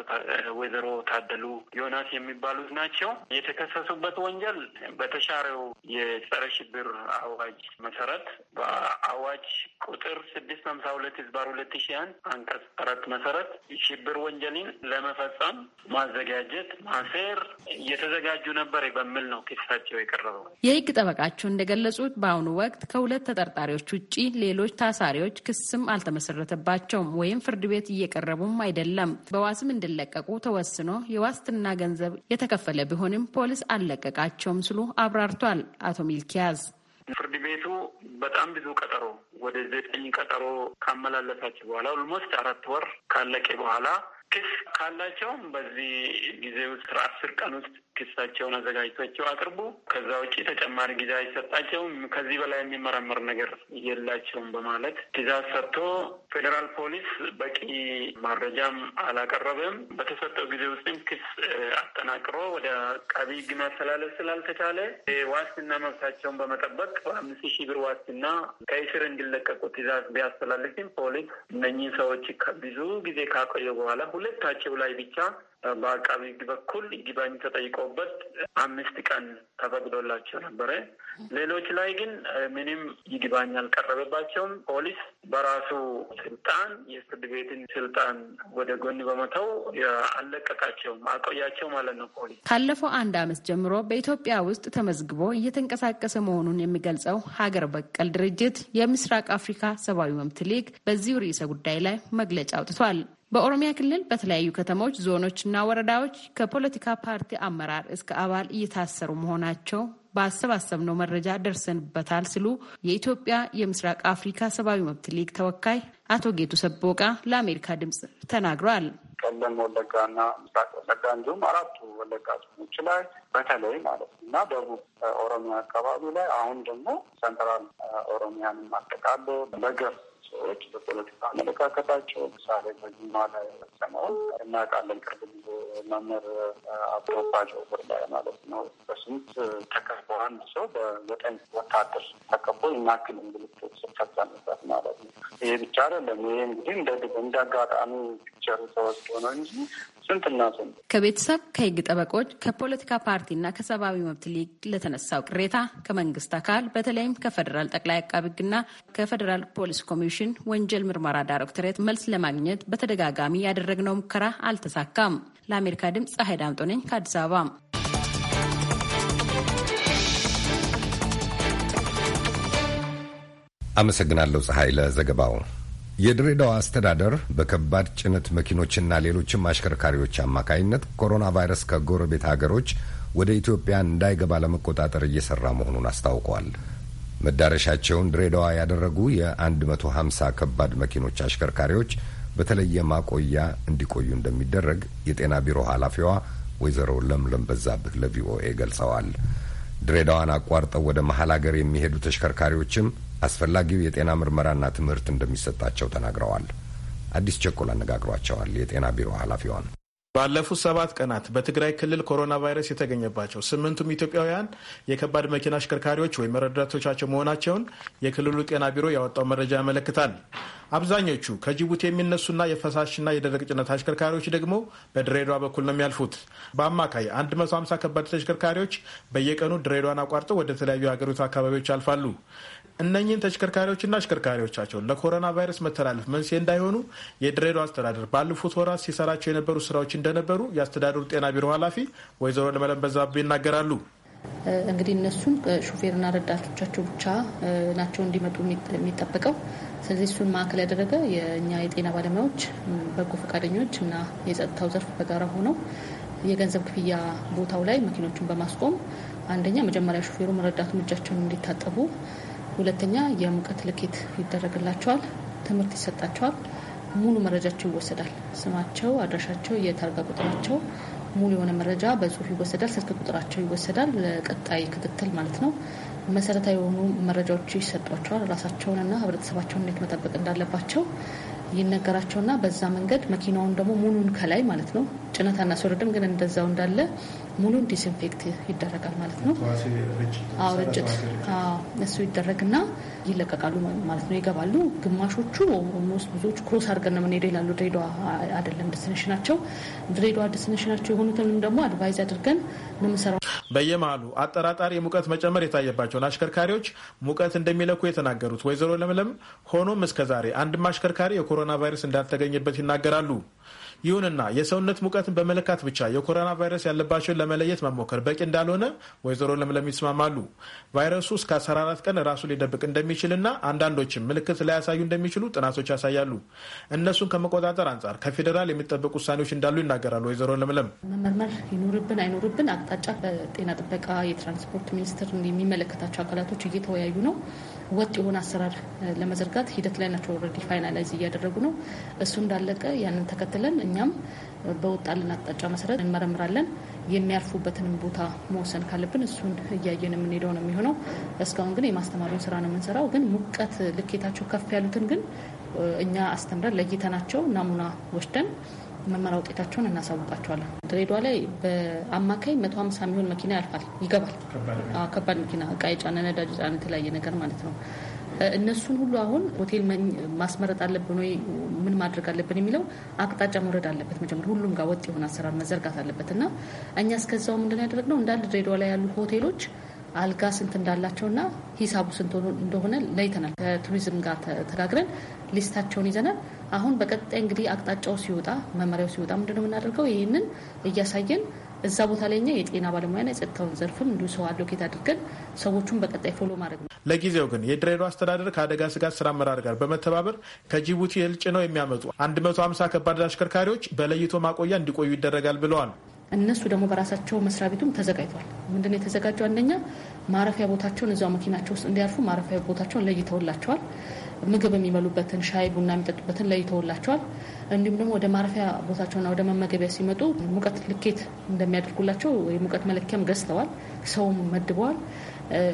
ወይዘሮ ታደሉ ዮናስ የሚባሉት ናቸው። የተከሰሱበት ወንጀል በተሻረው የጸረ ሽብር አዋጅ መሰረት በአዋጅ ቁጥር ስድስት ሀምሳ ሁለት ህዝባር ሁለት ሺ አንድ አንቀጽ አራት መሰረት ሽብር ወንጀልን ለመፈጸም ማዘጋጀት፣ ማሴር እየተዘጋጁ ነበር በሚል ነው ክሳቸው የቀረበው። የህግ ጠበቃቸው እንደገለጹት በአሁኑ ወቅት ከሁለት ተጠርጣሪዎች ውጭ ሌሎች ታሳሪዎች ክስም አልተመሰረተባቸውም ወይም ፍርድ ቤት እየቀረቡም አይደለም። በዋስም እንዲለቀቁ ተወስኖ የዋስትና ገንዘብ የተከፈለ ቢሆንም ፖሊስ አልለቀቃቸውም ሲሉ አብራርቷል አቶ ሚልኪያዝ ፍርድ ቤቱ በጣም ብዙ ቀጠሮ ወደ ዘጠኝ ቀጠሮ ካመላለሳቸው በኋላ ኦልሞስት አራት ወር ካለቀ በኋላ ክስ ካላቸውም በዚህ ጊዜ ውስጥ አስር ቀን ውስጥ ክሳቸውን አዘጋጅቷቸው አቅርቡ። ከዛ ውጭ ተጨማሪ ጊዜ አይሰጣቸውም። ከዚህ በላይ የሚመረመር ነገር የላቸውም በማለት ትዕዛዝ ሰጥቶ ፌዴራል ፖሊስ በቂ ማረጃም አላቀረበም። በተሰጠው ጊዜ ውስጥም ክስ አጠናቅሮ ወደ አቃቢ ሕግ ማስተላለፍ ስላልተቻለ ዋስትና መብታቸውን በመጠበቅ በአምስት ሺህ ብር ዋስትና ከእስር እንዲለቀቁ ትዕዛዝ ቢያስተላልፍም ፖሊስ እነኚህ ሰዎች ብዙ ጊዜ ካቆየ በኋላ ሁለታቸው ላይ ብቻ በአቃቢ ሕግ በኩል ይግባኝ ተጠይቆ ተፈቅዶበት አምስት ቀን ተፈቅዶላቸው ነበረ። ሌሎች ላይ ግን ምንም ይግባኝ አልቀረበባቸውም። ፖሊስ በራሱ ስልጣን የፍርድ ቤትን ስልጣን ወደ ጎን በመተው አለቀቃቸውም አቆያቸው ማለት ነው። ፖሊስ ካለፈው አንድ አመት ጀምሮ በኢትዮጵያ ውስጥ ተመዝግቦ እየተንቀሳቀሰ መሆኑን የሚገልጸው ሀገር በቀል ድርጅት የምስራቅ አፍሪካ ሰብአዊ መብት ሊግ በዚሁ ርዕሰ ጉዳይ ላይ መግለጫ አውጥቷል። በኦሮሚያ ክልል በተለያዩ ከተሞች፣ ዞኖችና ወረዳዎች ከፖለቲካ ፓርቲ አመራር እስከ አባል እየታሰሩ መሆናቸው በአሰባሰብነው መረጃ ደርሰንበታል ሲሉ የኢትዮጵያ የምስራቅ አፍሪካ ሰብአዊ መብት ሊግ ተወካይ አቶ ጌቱ ሰቦቃ ለአሜሪካ ድምፅ ተናግረዋል። ቀለም ወለጋና ምስራቅ ወለጋ እንዲሁም አራቱ ወለጋ ዞኖች ላይ በተለይ ማለት ነው እና ደቡብ ኦሮሚያ አካባቢ ላይ አሁን ደግሞ ሰንትራል ኦሮሚያንም አጠቃሎ በገፍ ሰዎች በፖለቲካ አመለካከታቸው ምሳሌ በጅማ ላይ ሰማውን እናውቃለን። ቅርብ ጊዜ መምህር አብሮባቸው ብርዳ ማለት ነው በስንት ተከቦ አንድ ሰው በዘጠኝ ወታደር ተከቦ ይናክል እንግልት ስፈጸምበት ማለት ነው። ይሄ ብቻ አይደለም። ይሄ እንግዲህ እንደ አጋጣሚ ፒክቸር ተወስዶ ነው እንጂ ስንትና ከቤተሰብ ከህግ ጠበቆች፣ ከፖለቲካ ፓርቲና ከሰብአዊ መብት ሊግ ለተነሳው ቅሬታ ከመንግስት አካል በተለይም ከፌዴራል ጠቅላይ አቃቢ ህግና ከፌዴራል ፖሊስ ኮሚሽን ኮሚሽን ወንጀል ምርመራ ዳይሬክቶሬት መልስ ለማግኘት በተደጋጋሚ ያደረግነው ሙከራ አልተሳካም። ለአሜሪካ ድምፅ ፀሐይ ዳምጦ ነኝ ከአዲስ አበባ። አመሰግናለሁ ፀሐይ ለዘገባው። የድሬዳዋ አስተዳደር በከባድ ጭነት መኪኖችና ሌሎችም አሽከርካሪዎች አማካይነት ኮሮና ቫይረስ ከጎረቤት ሀገሮች ወደ ኢትዮጵያ እንዳይገባ ለመቆጣጠር እየሰራ መሆኑን አስታውቋል። መዳረሻቸውን ድሬዳዋ ያደረጉ የ150 ከባድ መኪኖች አሽከርካሪዎች በተለየ ማቆያ እንዲቆዩ እንደሚደረግ የጤና ቢሮ ኃላፊዋ ወይዘሮ ለምለም በዛብህ ለቪኦኤ ገልጸዋል። ድሬዳዋን አቋርጠው ወደ መሀል ሀገር የሚሄዱ ተሽከርካሪዎችም አስፈላጊው የጤና ምርመራና ትምህርት እንደሚሰጣቸው ተናግረዋል። አዲስ ቸኮል አነጋግሯቸዋል የጤና ቢሮ ኃላፊዋን። ባለፉት ሰባት ቀናት በትግራይ ክልል ኮሮና ቫይረስ የተገኘባቸው ስምንቱም ኢትዮጵያውያን የከባድ መኪና አሽከርካሪዎች ወይም ረዳቶቻቸው መሆናቸውን የክልሉ ጤና ቢሮ ያወጣው መረጃ ያመለክታል። አብዛኞቹ ከጅቡቲ የሚነሱና የፈሳሽና የደረቅ ጭነት አሽከርካሪዎች ደግሞ በድሬዳዋ በኩል ነው የሚያልፉት። በአማካይ 150 ከባድ ተሽከርካሪዎች በየቀኑ ድሬዳዋን አቋርጠው ወደ ተለያዩ የሀገሪቱ አካባቢዎች ያልፋሉ። እነኚህን ተሽከርካሪዎችና አሽከርካሪዎቻቸውን ለኮሮና ቫይረስ መተላለፍ መንስኤ እንዳይሆኑ የድሬዳዋ አስተዳደር ባለፉት ወራት ሲሰራቸው የነበሩ ስራዎች እንደነበሩ የአስተዳደሩ ጤና ቢሮ ኃላፊ ወይዘሮ ለመለም በዛብህ ይናገራሉ። እንግዲህ እነሱም ሹፌርና ረዳቶቻቸው ብቻ ናቸው እንዲመጡ የሚጠበቀው። ስለዚህ እሱን ማዕከል ያደረገ የእኛ የጤና ባለሙያዎች፣ በጎ ፈቃደኞች እና የጸጥታው ዘርፍ በጋራ ሆነው የገንዘብ ክፍያ ቦታው ላይ መኪኖቹን በማስቆም አንደኛ መጀመሪያ ሹፌሩም ረዳቱም እጃቸውን እንዲታጠቡ ሁለተኛ የሙቀት ልኬት ይደረግላቸዋል፣ ትምህርት ይሰጣቸዋል፣ ሙሉ መረጃቸው ይወሰዳል። ስማቸው፣ አድራሻቸው፣ የታርጋ ቁጥራቸው ሙሉ የሆነ መረጃ በጽሁፍ ይወሰዳል። ስልክ ቁጥራቸው ይወሰዳል። ለቀጣይ ክትትል ማለት ነው። መሰረታዊ የሆኑ መረጃዎች ይሰጧቸዋል። ራሳቸውንና ህብረተሰባቸውን እንዴት መጠበቅ እንዳለባቸው ይነገራቸውና በዛ መንገድ መኪናውን ደግሞ ሙሉን ከላይ ማለት ነው ጭነት አናስወርድም፣ ግን እንደዛው እንዳለ ሙሉ ዲስኢንፌክት ይደረጋል ማለት ነው። አዎ ርጭት እሱ ይደረግና ይለቀቃሉ ማለት ነው፣ ይገባሉ። ግማሾቹ ስ ብዙዎቹ ክሮስ አድርገን ነው የምንሄደው ይላሉ። ድሬዳዋ አይደለም ዲስቲኔሽናቸው፣ ድሬዳዋ ዲስቲኔሽናቸው የሆኑትንም ደግሞ አድቫይዝ አድርገን ነው የምንሰራው። በየመሃሉ አጠራጣሪ የሙቀት መጨመር የታየባቸውን አሽከርካሪዎች ሙቀት እንደሚለኩ የተናገሩት ወይዘሮ ለምለም ሆኖም እስከዛሬ አንድም አሽከርካሪ የኮሮና ቫይረስ እንዳልተገኘበት ይናገራሉ። ይሁንና የሰውነት ሙቀትን በመለካት ብቻ የኮሮና ቫይረስ ያለባቸውን ለመለየት መሞከር በቂ እንዳልሆነ ወይዘሮ ለምለም ይስማማሉ። ቫይረሱ እስከ 14 ቀን ራሱ ሊደብቅ እንደሚችልና አንዳንዶችም ምልክት ላያሳዩ እንደሚችሉ ጥናቶች ያሳያሉ። እነሱን ከመቆጣጠር አንጻር ከፌዴራል የሚጠበቁ ውሳኔዎች እንዳሉ ይናገራሉ ወይዘሮ ለምለም። መመርመር ይኖርብን አይኖርብን አቅጣጫ በጤና ጥበቃ የትራንስፖርት ሚኒስቴር የሚመለከታቸው አካላቶች እየተወያዩ ነው። ወጥ የሆነ አሰራር ለመዘርጋት ሂደት ላይ ናቸው። ኦልሬዲ ፋይናላይዝ እያደረጉ ነው። እሱ እንዳለቀ ያንን ተከትለን እኛም በወጣልን አቅጣጫ መሰረት እንመረምራለን። የሚያርፉበትንም ቦታ መወሰን ካለብን እሱን እያየን የምንሄደው ነው የሚሆነው። እስካሁን ግን የማስተማሪውን ስራ ነው የምንሰራው። ግን ሙቀት ልኬታቸው ከፍ ያሉትን ግን እኛ አስተምረን ለይተናቸው ናሙና ወስደን ምርመራ ውጤታቸውን እናሳውቃቸዋለን። ድሬዳዋ ላይ በአማካይ መቶ ሀምሳ የሚሆን መኪና ያልፋል ይገባል። ከባድ መኪና እቃ የጫነ ነዳጅ ጫነ የተለያየ ነገር ማለት ነው። እነሱን ሁሉ አሁን ሆቴል ማስመረጥ አለብን ወይ ምን ማድረግ አለብን የሚለው አቅጣጫ መውረድ አለበት። መጀመሪያ ሁሉም ጋር ወጥ የሆነ አሰራር መዘርጋት አለበት እና እኛ እስከዛው ምንድን ነው እንዳለ ድሬዳዋ ላይ ያሉ ሆቴሎች አልጋ ስንት እንዳላቸውና ሂሳቡ ስንት እንደሆነ ለይተናል። ከቱሪዝም ጋር ተጋግረን ሊስታቸውን ይዘናል። አሁን በቀጣይ እንግዲህ አቅጣጫው ሲወጣ መመሪያው ሲወጣ ምንድነው የምናደርገው? ይህንን እያሳየን እዛ ቦታ ላይ እኛ የጤና ባለሙያና የጸጥታውን ዘርፍም እንዲሁ ሰው አሎኬት አድርገን ሰዎቹን በቀጣይ ፎሎ ማድረግ ነው። ለጊዜው ግን የድሬዳዋ አስተዳደር ከአደጋ ስጋት ስራ አመራር ጋር በመተባበር ከጅቡቲ እህል ጭነው የሚያመጡ 150 ከባድ አሽከርካሪዎች በለይቶ ማቆያ እንዲቆዩ ይደረጋል ብለዋል። እነሱ ደግሞ በራሳቸው መስሪያ ቤቱም ተዘጋጅቷል። ምንድነው የተዘጋጀው? አንደኛ ማረፊያ ቦታቸውን እዚያው መኪናቸው ውስጥ እንዲያርፉ ማረፊያ ቦታቸውን ለይተውላቸዋል። ምግብ የሚበሉበትን ሻይ ቡና የሚጠጡበትን ለይተውላቸዋል። እንዲሁም ደግሞ ወደ ማረፊያ ቦታቸውና ወደ መመገቢያ ሲመጡ ሙቀት ልኬት እንደሚያደርጉላቸው የሙቀት መለኪያም ገዝተዋል፣ ሰውም መድበዋል።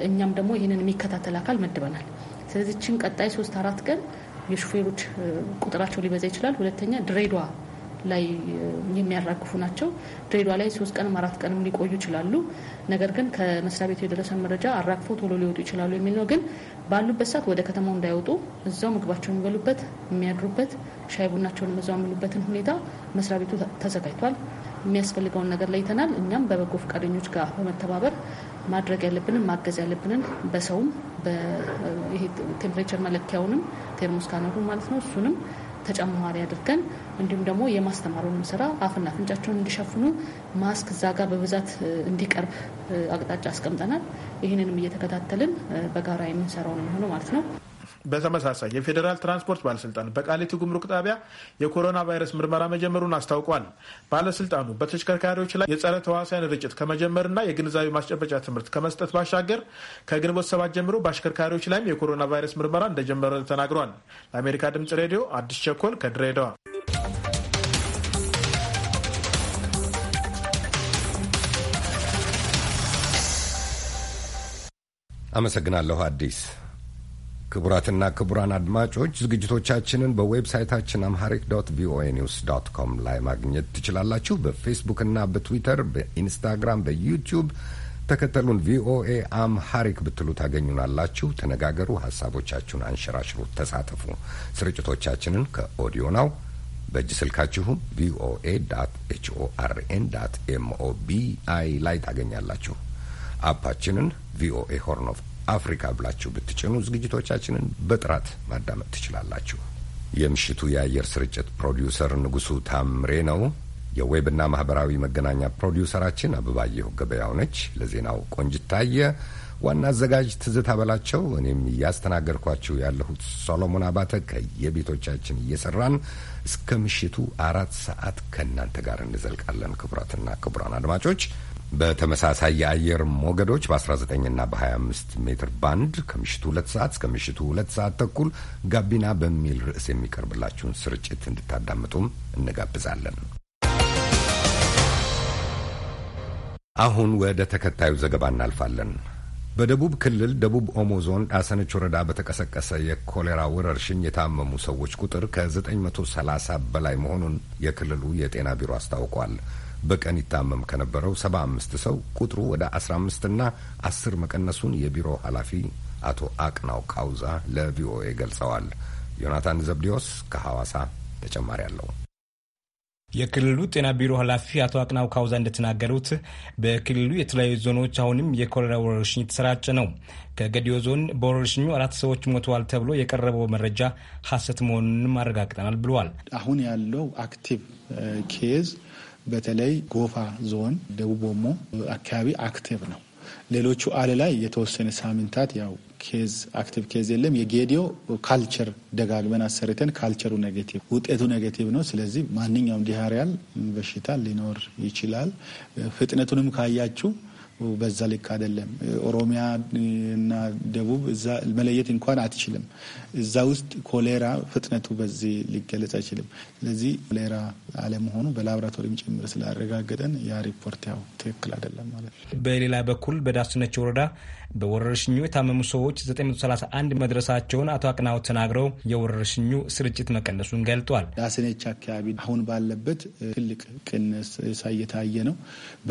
እኛም ደግሞ ይህንን የሚከታተል አካል መድበናል። ስለዚህ ችን ቀጣይ ሶስት አራት ቀን የሹፌሮች ቁጥራቸው ሊበዛ ይችላል። ሁለተኛ ድሬዳዋ ላይ የሚያራግፉ ናቸው። ድሬዷ ላይ ሶስት ቀንም አራት ቀንም ሊቆዩ ይችላሉ። ነገር ግን ከመስሪያ ቤቱ የደረሰን መረጃ አራግፎ ቶሎ ሊወጡ ይችላሉ የሚል ነው። ግን ባሉበት ሰዓት ወደ ከተማው እንዳይወጡ እዛው ምግባቸውን የሚበሉበት የሚያድሩበት፣ ሻይ ቡናቸውን እዛው የሚሉበትን ሁኔታ መስሪያ ቤቱ ተዘጋጅቷል። የሚያስፈልገውን ነገር ለይተናል። እኛም በበጎ ፈቃደኞች ጋር በመተባበር ማድረግ ያለብንን ማገዝ ያለብንን በሰውም ቴምፕሬቸር መለኪያውንም ቴርሞስካነሩ ማለት ነው እሱንም ተጨማሪ አድርገን እንዲሁም ደግሞ የማስተማሩን ስራ አፍና አፍንጫቸውን እንዲሸፍኑ ማስክ እዛ ጋር በብዛት እንዲቀርብ አቅጣጫ አስቀምጠናል። ይህንንም እየተከታተልን በጋራ የምንሰራው ነው ማለት ነው። በተመሳሳይ የፌዴራል ትራንስፖርት ባለስልጣን በቃሊቲ ጉምሩክ ጣቢያ የኮሮና ቫይረስ ምርመራ መጀመሩን አስታውቋል። ባለስልጣኑ በተሽከርካሪዎች ላይ የጸረ ተዋሳያን ርጭት ከመጀመርና የግንዛቤ ማስጨበጫ ትምህርት ከመስጠት ባሻገር ከግንቦት ሰባት ጀምሮ በአሽከርካሪዎች ላይም የኮሮና ቫይረስ ምርመራ እንደጀመረ ተናግሯል። ለአሜሪካ ድምጽ ሬዲዮ አዲስ ቸኮል ከድሬዳዋ አመሰግናለሁ አዲስ። ክቡራትና ክቡራን አድማጮች ዝግጅቶቻችንን በዌብሳይታችን አምሃሪክ ዶት ቪኦኤ ኒውስ ዶት ኮም ላይ ማግኘት ትችላላችሁ። በፌስቡክና በትዊተር በኢንስታግራም፣ በዩቲዩብ ተከተሉን። ቪኦኤ አምሃሪክ ብትሉ ታገኙናላችሁ። ተነጋገሩ፣ ሀሳቦቻችሁን አንሸራሽሩ፣ ተሳተፉ። ስርጭቶቻችንን ከኦዲዮ ናው በእጅ ስልካችሁም ቪኦኤ ዳት ኤችኦአርኤን ዳት ኤምኦቢአይ ላይ ታገኛላችሁ። አፓችንን ቪኦኤ ሆርን ኦፍ አፍሪካ ብላችሁ ብትጭኑ ዝግጅቶቻችንን በጥራት ማዳመጥ ትችላላችሁ። የምሽቱ የአየር ስርጭት ፕሮዲውሰር ንጉሱ ታምሬ ነው። የዌብና ማህበራዊ መገናኛ ፕሮዲውሰራችን አበባየሁ ገበያው ነች። ለዜናው ቆንጅታየ ዋና አዘጋጅ ትዝታ በላቸው፣ እኔም እያስተናገድኳችሁ ያለሁት ሶሎሞን አባተ ከየቤቶቻችን እየሰራን እስከ ምሽቱ አራት ሰዓት ከእናንተ ጋር እንዘልቃለን። ክቡራትና ክቡራን አድማጮች በተመሳሳይ የአየር ሞገዶች በ19ና በ25 ሜትር ባንድ ከምሽቱ ሁለት ሰዓት እስከ ምሽቱ ሁለት ሰዓት ተኩል ጋቢና በሚል ርዕስ የሚቀርብላችሁን ስርጭት እንድታዳምጡም እንጋብዛለን። አሁን ወደ ተከታዩ ዘገባ እናልፋለን። በደቡብ ክልል ደቡብ ኦሞ ዞን ዳሰነች ወረዳ በተቀሰቀሰ የኮሌራ ወረርሽኝ የታመሙ ሰዎች ቁጥር ከ930 በላይ መሆኑን የክልሉ የጤና ቢሮ አስታውቋል። በቀን ይታመም ከነበረው ሰባ አምስት ሰው ቁጥሩ ወደ አስራ አምስትና አስር መቀነሱን የቢሮ ኃላፊ አቶ አቅናው ካውዛ ለቪኦኤ ገልጸዋል። ዮናታን ዘብዲዮስ ከሐዋሳ ተጨማሪ አለው። የክልሉ ጤና ቢሮ ኃላፊ አቶ አቅናው ካውዛ እንደተናገሩት በክልሉ የተለያዩ ዞኖች አሁንም የኮሌራ ወረርሽኝ የተሰራጨ ነው። ከገዲዮ ዞን በወረርሽኙ አራት ሰዎች ሞተዋል ተብሎ የቀረበው መረጃ ሐሰት መሆኑንም አረጋግጠናል ብለዋል። አሁን ያለው አክቲቭ ኬዝ በተለይ ጎፋ ዞን ደቡብ ኦሞ አካባቢ አክቲቭ ነው። ሌሎቹ አለ ላይ የተወሰነ ሳምንታት ያው ኬዝ አክቲቭ ኬዝ የለም። የጌዲዮ ካልቸር ደጋግመን አሰርተን ካልቸሩ ኔጌቲቭ ውጤቱ ኔጌቲቭ ነው። ስለዚህ ማንኛውም ዲሃሪያል በሽታ ሊኖር ይችላል። ፍጥነቱንም ካያችሁ በዛ ልክ አይደለም። ኦሮሚያ እና ደቡብ እዛ መለየት እንኳን አትችልም። እዛ ውስጥ ኮሌራ ፍጥነቱ በዚህ ሊገለጽ አይችልም። ስለዚህ ኮሌራ አለመሆኑ በላብራቶሪም ጭምር ስላረጋገጠን ያ ሪፖርት ያው ትክክል አይደለም ማለት ነው። በሌላ በኩል በዳስነች ወረዳ በወረርሽኙ የታመሙ ሰዎች 931 መድረሳቸውን አቶ አቅናው ተናግረው የወረርሽኙ ስርጭት መቀነሱን ገልጧል። ዳስኔች አካባቢ አሁን ባለበት ትልቅ ቅነስ ሳየታየ ነው።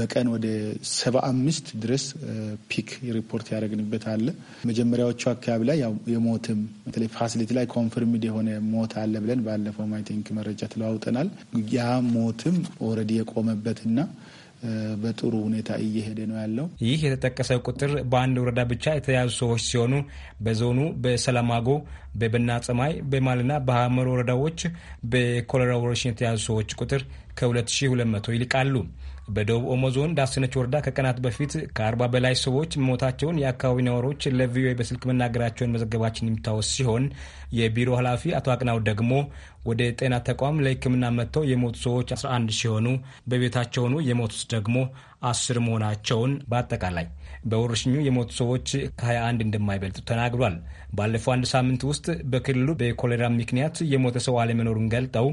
በቀን ወደ 75 ድረስ ፒክ ሪፖርት ያደረግንበት አለ። መጀመሪያዎቹ አካባቢ ላይ የሞትም በተለይ ፋሲሊቲ ላይ ኮንፈርምድ የሆነ ሞት አለ ብለን ባለፈው ማይ ቲንክ መረጃ ተለዋውጠናል። ያ ሞትም ኦልሬዲ የቆመበትና በጥሩ ሁኔታ እየሄደ ነው ያለው። ይህ የተጠቀሰው ቁጥር በአንድ ወረዳ ብቻ የተያዙ ሰዎች ሲሆኑ በዞኑ በሰላማጎ፣ በበና ጸማይ፣ በማልና በሀመር ወረዳዎች በኮሌራ ወረርሽኝ የተያዙ ሰዎች ቁጥር ከ2200 ይልቃሉ። በደቡብ ኦሞ ዞን ዳስነች ወረዳ ከቀናት በፊት ከአርባ በላይ ሰዎች መሞታቸውን የአካባቢ ነዋሪዎች ለቪኦኤ በስልክ መናገራቸውን መዘገባችን የሚታወስ ሲሆን የቢሮ ኃላፊ አቶ አቅናው ደግሞ ወደ ጤና ተቋም ለሕክምና መጥተው የሞቱ ሰዎች 11 ሲሆኑ በቤታቸው የሞቱት ደግሞ አስር መሆናቸውን በአጠቃላይ በወረርሽኙ የሞቱ ሰዎች ከ21 እንደማይበልጥ ተናግሯል። ባለፈው አንድ ሳምንት ውስጥ በክልሉ በኮሌራ ምክንያት የሞተ ሰው አለመኖሩን ገልጠው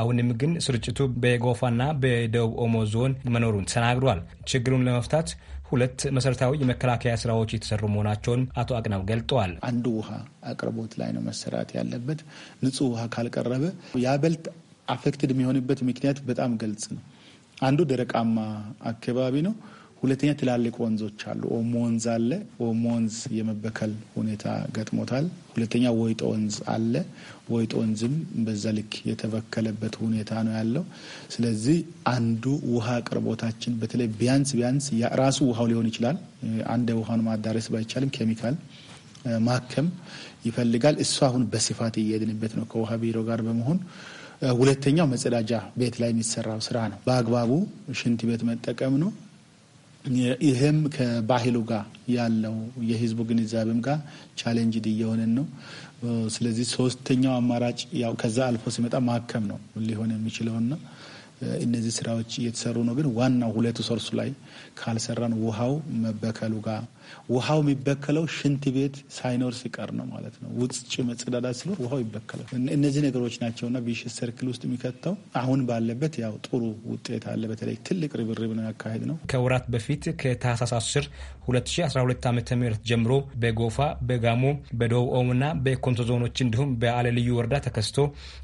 አሁንም ግን ስርጭቱ በጎፋና በደቡብ ኦሞ ዞን መኖሩን ተናግሯል። ችግሩን ለመፍታት ሁለት መሰረታዊ የመከላከያ ስራዎች የተሰሩ መሆናቸውን አቶ አቅናው ገልጠዋል። አንዱ ውሃ አቅርቦት ላይ ነው መሰራት ያለበት። ንጹህ ውሃ ካልቀረበ ያበልጥ አፌክትድ የሚሆንበት ምክንያት በጣም ገልጽ ነው። አንዱ ደረቃማ አካባቢ ነው። ሁለተኛ ትላልቅ ወንዞች አሉ። ኦሞ ወንዝ አለ። ኦሞ ወንዝ የመበከል ሁኔታ ገጥሞታል። ሁለተኛ ወይጦ ወንዝ አለ። ወይጦ ወንዝም በዛ ልክ የተበከለበት ሁኔታ ነው ያለው። ስለዚህ አንዱ ውሃ አቅርቦታችን በተለይ ቢያንስ ቢያንስ ራሱ ውሃው ሊሆን ይችላል። አንድ ውሃን ማዳረስ ባይቻልም ኬሚካል ማከም ይፈልጋል። እሱ አሁን በስፋት እየሄድንበት ነው ከውሃ ቢሮ ጋር በመሆን ሁለተኛው መጸዳጃ ቤት ላይ የሚሰራው ስራ ነው። በአግባቡ ሽንት ቤት መጠቀም ነው። ይህም ከባህሉ ጋር ያለው የህዝቡ ግንዛቤም ጋር ቻሌንጅ እየሆነን ነው። ስለዚህ ሶስተኛው አማራጭ ያው ከዛ አልፎ ሲመጣ ማከም ነው ሊሆን የሚችለውና እነዚህ ስራዎች እየተሰሩ ነው። ግን ዋናው ሁለቱ ሶርሱ ላይ ካልሰራን ውሃው መበከሉ ጋር ውሃው የሚበከለው ሽንት ቤት ሳይኖር ሲቀር ነው ማለት ነው። ውጭ መጸዳዳት ሲኖር ውሃው ይበከላል። እነዚህ ነገሮች ናቸውና ቪሽስ ሰርክል ውስጥ የሚከተው አሁን ባለበት ያው ጥሩ ውጤት አለ። በተለይ ትልቅ ርብርብ ነው ያካሄድ ነው። ከወራት በፊት ከታህሳስ 10 2012 ዓ ም ጀምሮ በጎፋ በጋሞ በደቡብ ኦሞና በኮንቶ ዞኖች እንዲሁም በአለ ልዩ ወረዳ ተከስቶ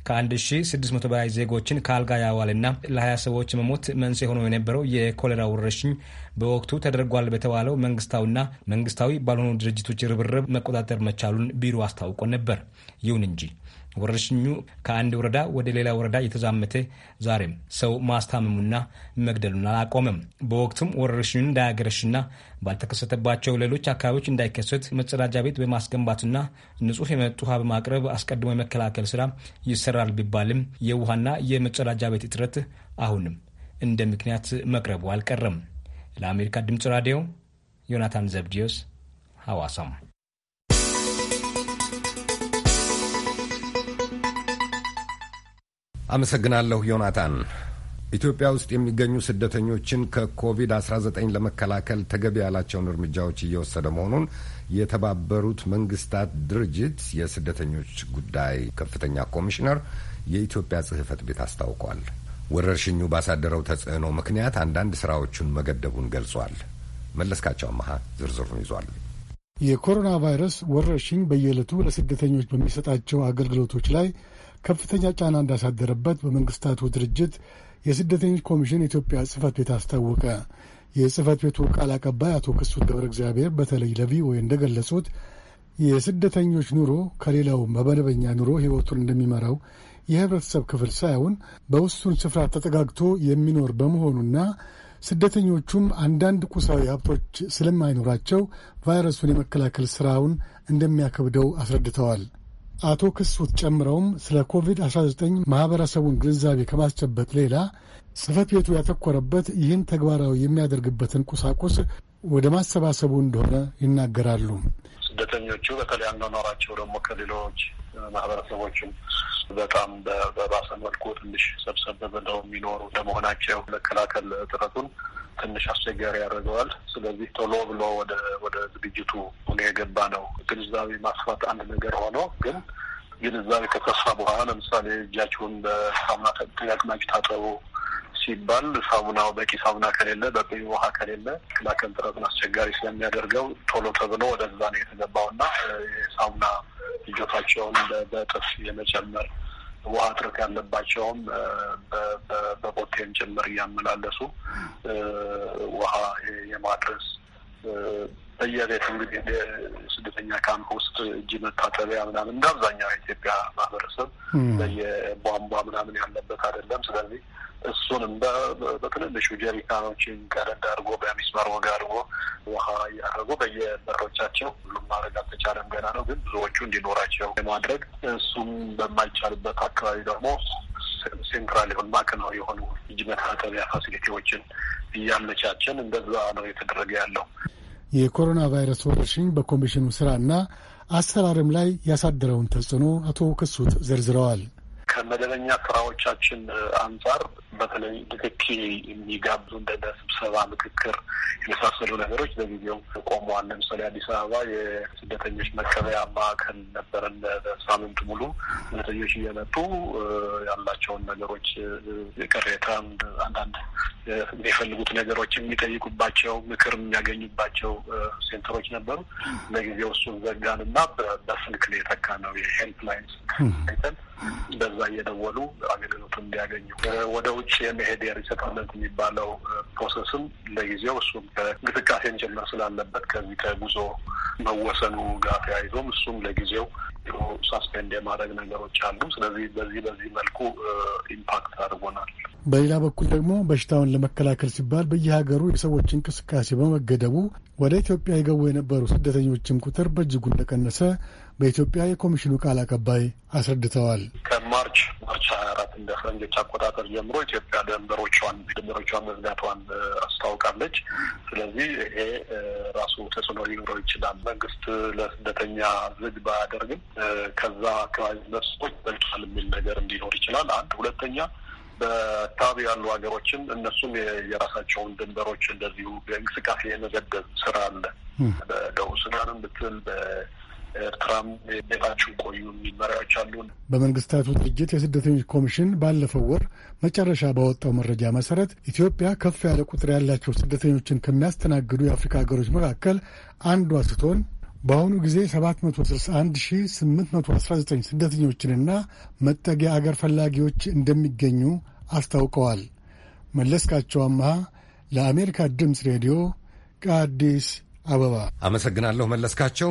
ከ1600 በላይ ዜጎችን ከአልጋ ያዋልና ለ20 ሰዎች መሞት መንስኤ ሆኖ የነበረው የኮሌራ ወረርሽኝ በወቅቱ ተደርጓል በተባለው መንግስታዊና መንግስታዊ ባልሆኑ ድርጅቶች ርብርብ መቆጣጠር መቻሉን ቢሮ አስታውቆ ነበር። ይሁን እንጂ ወረርሽኙ ከአንድ ወረዳ ወደ ሌላ ወረዳ የተዛመተ ዛሬም ሰው ማስታመሙና መግደሉን አላቆመም። በወቅቱም ወረርሽኙን እንዳያገረሽና ባልተከሰተባቸው ሌሎች አካባቢዎች እንዳይከሰት መጸዳጃ ቤት በማስገንባትና ንጹህ የመጠጥ ውሃ በማቅረብ አስቀድሞ የመከላከል ስራ ይሰራል ቢባልም የውሃና የመጸዳጃ ቤት እጥረት አሁንም እንደ ምክንያት መቅረቡ አልቀረም። ለአሜሪካ ድምፅ ራዲዮ ዮናታን ዘብዲዮስ ሐዋሳም አመሰግናለሁ ዮናታን። ኢትዮጵያ ውስጥ የሚገኙ ስደተኞችን ከኮቪድ-19 ለመከላከል ተገቢ ያላቸውን እርምጃዎች እየወሰደ መሆኑን የተባበሩት መንግስታት ድርጅት የስደተኞች ጉዳይ ከፍተኛ ኮሚሽነር የኢትዮጵያ ጽህፈት ቤት አስታውቋል። ወረርሽኙ ባሳደረው ተጽዕኖ ምክንያት አንዳንድ ስራዎቹን መገደቡን ገልጿል። መለስካቸው አመሃ ዝርዝሩን ይዟል። የኮሮና ቫይረስ ወረርሽኝ በየዕለቱ ለስደተኞች በሚሰጣቸው አገልግሎቶች ላይ ከፍተኛ ጫና እንዳሳደረበት በመንግስታቱ ድርጅት የስደተኞች ኮሚሽን የኢትዮጵያ ጽህፈት ቤት አስታወቀ። የጽህፈት ቤቱ ቃል አቀባይ አቶ ክሱት ገብረ እግዚአብሔር በተለይ ለቪኦኤ እንደገለጹት የስደተኞች ኑሮ ከሌላው በመደበኛ ኑሮ ህይወቱን እንደሚመራው የህብረተሰብ ክፍል ሳይሆን በውሱን ስፍራ ተጠጋግቶ የሚኖር በመሆኑና ስደተኞቹም አንዳንድ ቁሳዊ ሀብቶች ስለማይኖራቸው ቫይረሱን የመከላከል ስራውን እንደሚያከብደው አስረድተዋል። አቶ ክሱት ጨምረውም ስለ ኮቪድ-19 ማኅበረሰቡን ግንዛቤ ከማስጨበጥ ሌላ ጽሕፈት ቤቱ ያተኮረበት ይህን ተግባራዊ የሚያደርግበትን ቁሳቁስ ወደ ማሰባሰቡ እንደሆነ ይናገራሉ። ስደተኞቹ በተለይ አኗኗራቸው ደግሞ ከሌሎች ማህበረሰቦችም በጣም በባሰ መልኩ ትንሽ ሰብሰብ ብለው የሚኖሩ ለመሆናቸው መከላከል ጥረቱን ትንሽ አስቸጋሪ ያደርገዋል። ስለዚህ ቶሎ ብሎ ወደ ወደ ዝግጅቱ የገባ ነው። ግንዛቤ ማስፋት አንድ ነገር ሆኖ ግን ግንዛቤ ከተስፋ በኋላ ለምሳሌ እጃችሁን በሳሙና ተጠቅማችሁ ታጠቡ ሲባል ሳሙናው በቂ ሳሙና ከሌለ በቂ ውሃ ከሌለ መከላከል ጥረቱን አስቸጋሪ ስለሚያደርገው ቶሎ ተብሎ ወደዛ ነው የተገባውና የሳሙና ልጆታቸውን በጥፍ የመጨመር ውሃ እጥረት ያለባቸውም በቦቴም ጭምር እያመላለሱ ውሃ የማድረስ በየቤት እንግዲህ ስደተኛ ካምፕ ውስጥ እጅ መታጠቢያ ምናምን እንደ አብዛኛው የኢትዮጵያ ማህበረሰብ በየቧንቧ ምናምን ያለበት አይደለም። ስለዚህ እሱንም በትንንሹ ጀሪካኖችን ቀደድ አድርጎ በሚስማር ወጋ አድርጎ ውሃ እያደረጉ በየበሮቻቸው ሁሉም ማድረግ አልተቻለም፣ ገና ነው። ግን ብዙዎቹ እንዲኖራቸው የማድረግ እሱም በማይቻልበት አካባቢ ደግሞ ሴንትራል የሆን ማዕከላዊ የሆኑ እጅ መታጠቢያ ፋሲሊቲዎችን እያመቻቸን እንደዛ ነው የተደረገ ያለው። የኮሮና ቫይረስ ወረርሽኝ በኮሚሽኑ ስራና አሰራርም ላይ ያሳደረውን ተጽዕኖ አቶ ክሱት ዘርዝረዋል። ከመደበኛ ስራዎቻችን አንጻር በተለይ ንክኪ የሚጋብዙ እንደ ስብሰባ፣ ምክክር የመሳሰሉ ነገሮች በጊዜው ቆመዋል። ለምሳሌ አዲስ አበባ የስደተኞች መቀበያ ማዕከል ነበረን። ሳምንት ሙሉ ስደተኞች እየመጡ ያላቸውን ነገሮች ቅሬታ፣ አንዳንድ የሚፈልጉት ነገሮች የሚጠይቁባቸው፣ ምክር የሚያገኙባቸው ሴንተሮች ነበሩ። ለጊዜው እሱን ዘጋን እና በስልክ የተካ ነው የሄልፕላይን አይተን ከዛ እየደወሉ አገልግሎቱ እንዲያገኙ ወደ ውጭ የመሄድ የሪሰትልመንት የሚባለው ፕሮሰስም ለጊዜው እሱም ከእንቅስቃሴን ጭምር ስላለበት ከዚህ ከጉዞ መወሰኑ ጋር ተያይዞም እሱም ለጊዜው ሳስፔንድ የማድረግ ነገሮች አሉ። ስለዚህ በዚህ በዚህ መልኩ ኢምፓክት አድርጎናል። በሌላ በኩል ደግሞ በሽታውን ለመከላከል ሲባል በየሀገሩ የሰዎች እንቅስቃሴ በመገደቡ ወደ ኢትዮጵያ የገቡ የነበሩ ስደተኞችም ቁጥር በእጅጉ እንደቀነሰ በኢትዮጵያ የኮሚሽኑ ቃል አቀባይ አስረድተዋል። ከማርች ማርች ሀያ አራት እንደ ፈረንጆች አቆጣጠር ጀምሮ ኢትዮጵያ ደንበሮቿን ድንበሮቿን መዝጋቷን አስታውቃለች። ስለዚህ ይሄ ራሱ ተጽዕኖ ሊኖረው ይችላል። መንግስት ለስደተኛ ዝግ ባያደርግም ከዛ አካባቢ መስቶች በልጧል የሚል ነገር እንዲኖር ይችላል። አንድ ሁለተኛ በአካባቢ ያሉ ሀገሮችን እነሱም የራሳቸውን ድንበሮች እንደዚሁ እንቅስቃሴ የመገደብ ስራ አለ። በደቡብ ሱዳንም ብትል ኤርትራም ቤታችሁ ቆዩ የሚል መሪያዎች አሉ። በመንግስታቱ ድርጅት የስደተኞች ኮሚሽን ባለፈው ወር መጨረሻ ባወጣው መረጃ መሰረት ኢትዮጵያ ከፍ ያለ ቁጥር ያላቸው ስደተኞችን ከሚያስተናግዱ የአፍሪካ ሀገሮች መካከል አንዷ ስትሆን በአሁኑ ጊዜ 761819 ስደተኞችንና መጠጊያ አገር ፈላጊዎች እንደሚገኙ አስታውቀዋል። መለስካቸው አምሃ ለአሜሪካ ድምፅ ሬዲዮ ከአዲስ አበባ አመሰግናለሁ መለስካቸው።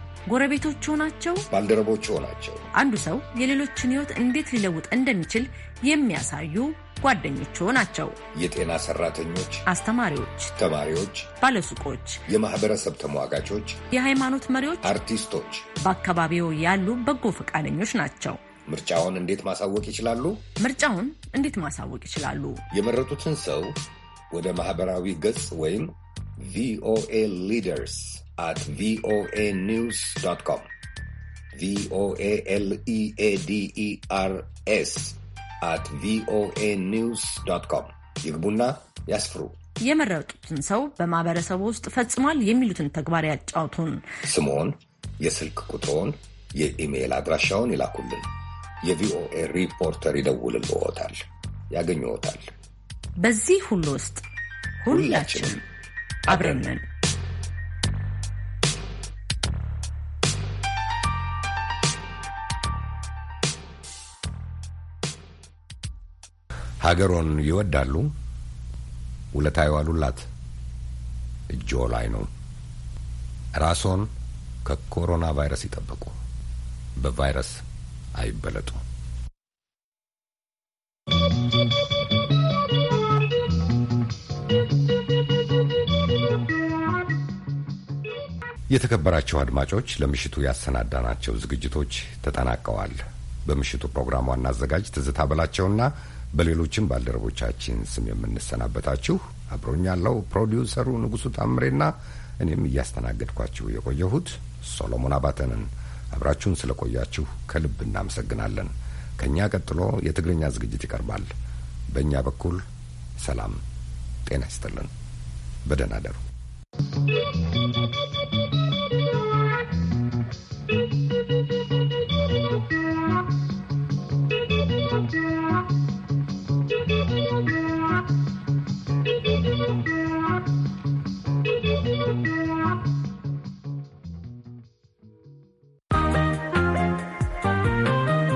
ጎረቤቶች ናቸው፣ ባልደረቦች ናቸው። አንዱ ሰው የሌሎችን ሕይወት እንዴት ሊለውጥ እንደሚችል የሚያሳዩ ጓደኞች ናቸው። የጤና ሰራተኞች፣ አስተማሪዎች፣ ተማሪዎች፣ ባለሱቆች፣ የማህበረሰብ ተሟጋቾች፣ የሃይማኖት መሪዎች፣ አርቲስቶች፣ በአካባቢው ያሉ በጎ ፈቃደኞች ናቸው። ምርጫውን እንዴት ማሳወቅ ይችላሉ? ምርጫውን እንዴት ማሳወቅ ይችላሉ? የመረጡትን ሰው ወደ ማህበራዊ ገጽ ወይም VOA leaders at VOA news.com. VOA L E A D E R S at VOA news.com ይግቡና ያስፍሩ። የመረጡትን ሰው በማህበረሰቡ ውስጥ ፈጽሟል የሚሉትን ተግባር ያጫውቱን። ስሞን፣ የስልክ ቁጥሮን፣ የኢሜይል አድራሻውን ይላኩልን። የቪኦኤ ሪፖርተር ይደውልልዎታል፣ ያገኝዎታል። በዚህ ሁሉ ውስጥ ሁላችንም አብረንን ሀገሮን ይወዳሉ። ውለታ ይዋሉላት እጅዎ ላይ ነው። ራስዎን ከኮሮና ቫይረስ ይጠብቁ። በቫይረስ አይበለጡ። የተከበራቸው አድማጮች ለምሽቱ ያሰናዳናቸው ዝግጅቶች ተጠናቀዋል። በምሽቱ ፕሮግራም ዋና አዘጋጅ ትዝታ በላቸውና በሌሎችም ባልደረቦቻችን ስም የምንሰናበታችሁ አብሮኛለሁ ፕሮዲውሰሩ ንጉሱ ታምሬና እኔም እያስተናገድኳችሁ የቆየሁት ሶሎሞን አባተንን። አብራችሁን ስለቆያችሁ ከልብ እናመሰግናለን። ከእኛ ቀጥሎ የትግርኛ ዝግጅት ይቀርባል። በእኛ በኩል ሰላም ጤና ይስጥልን። በደህና you.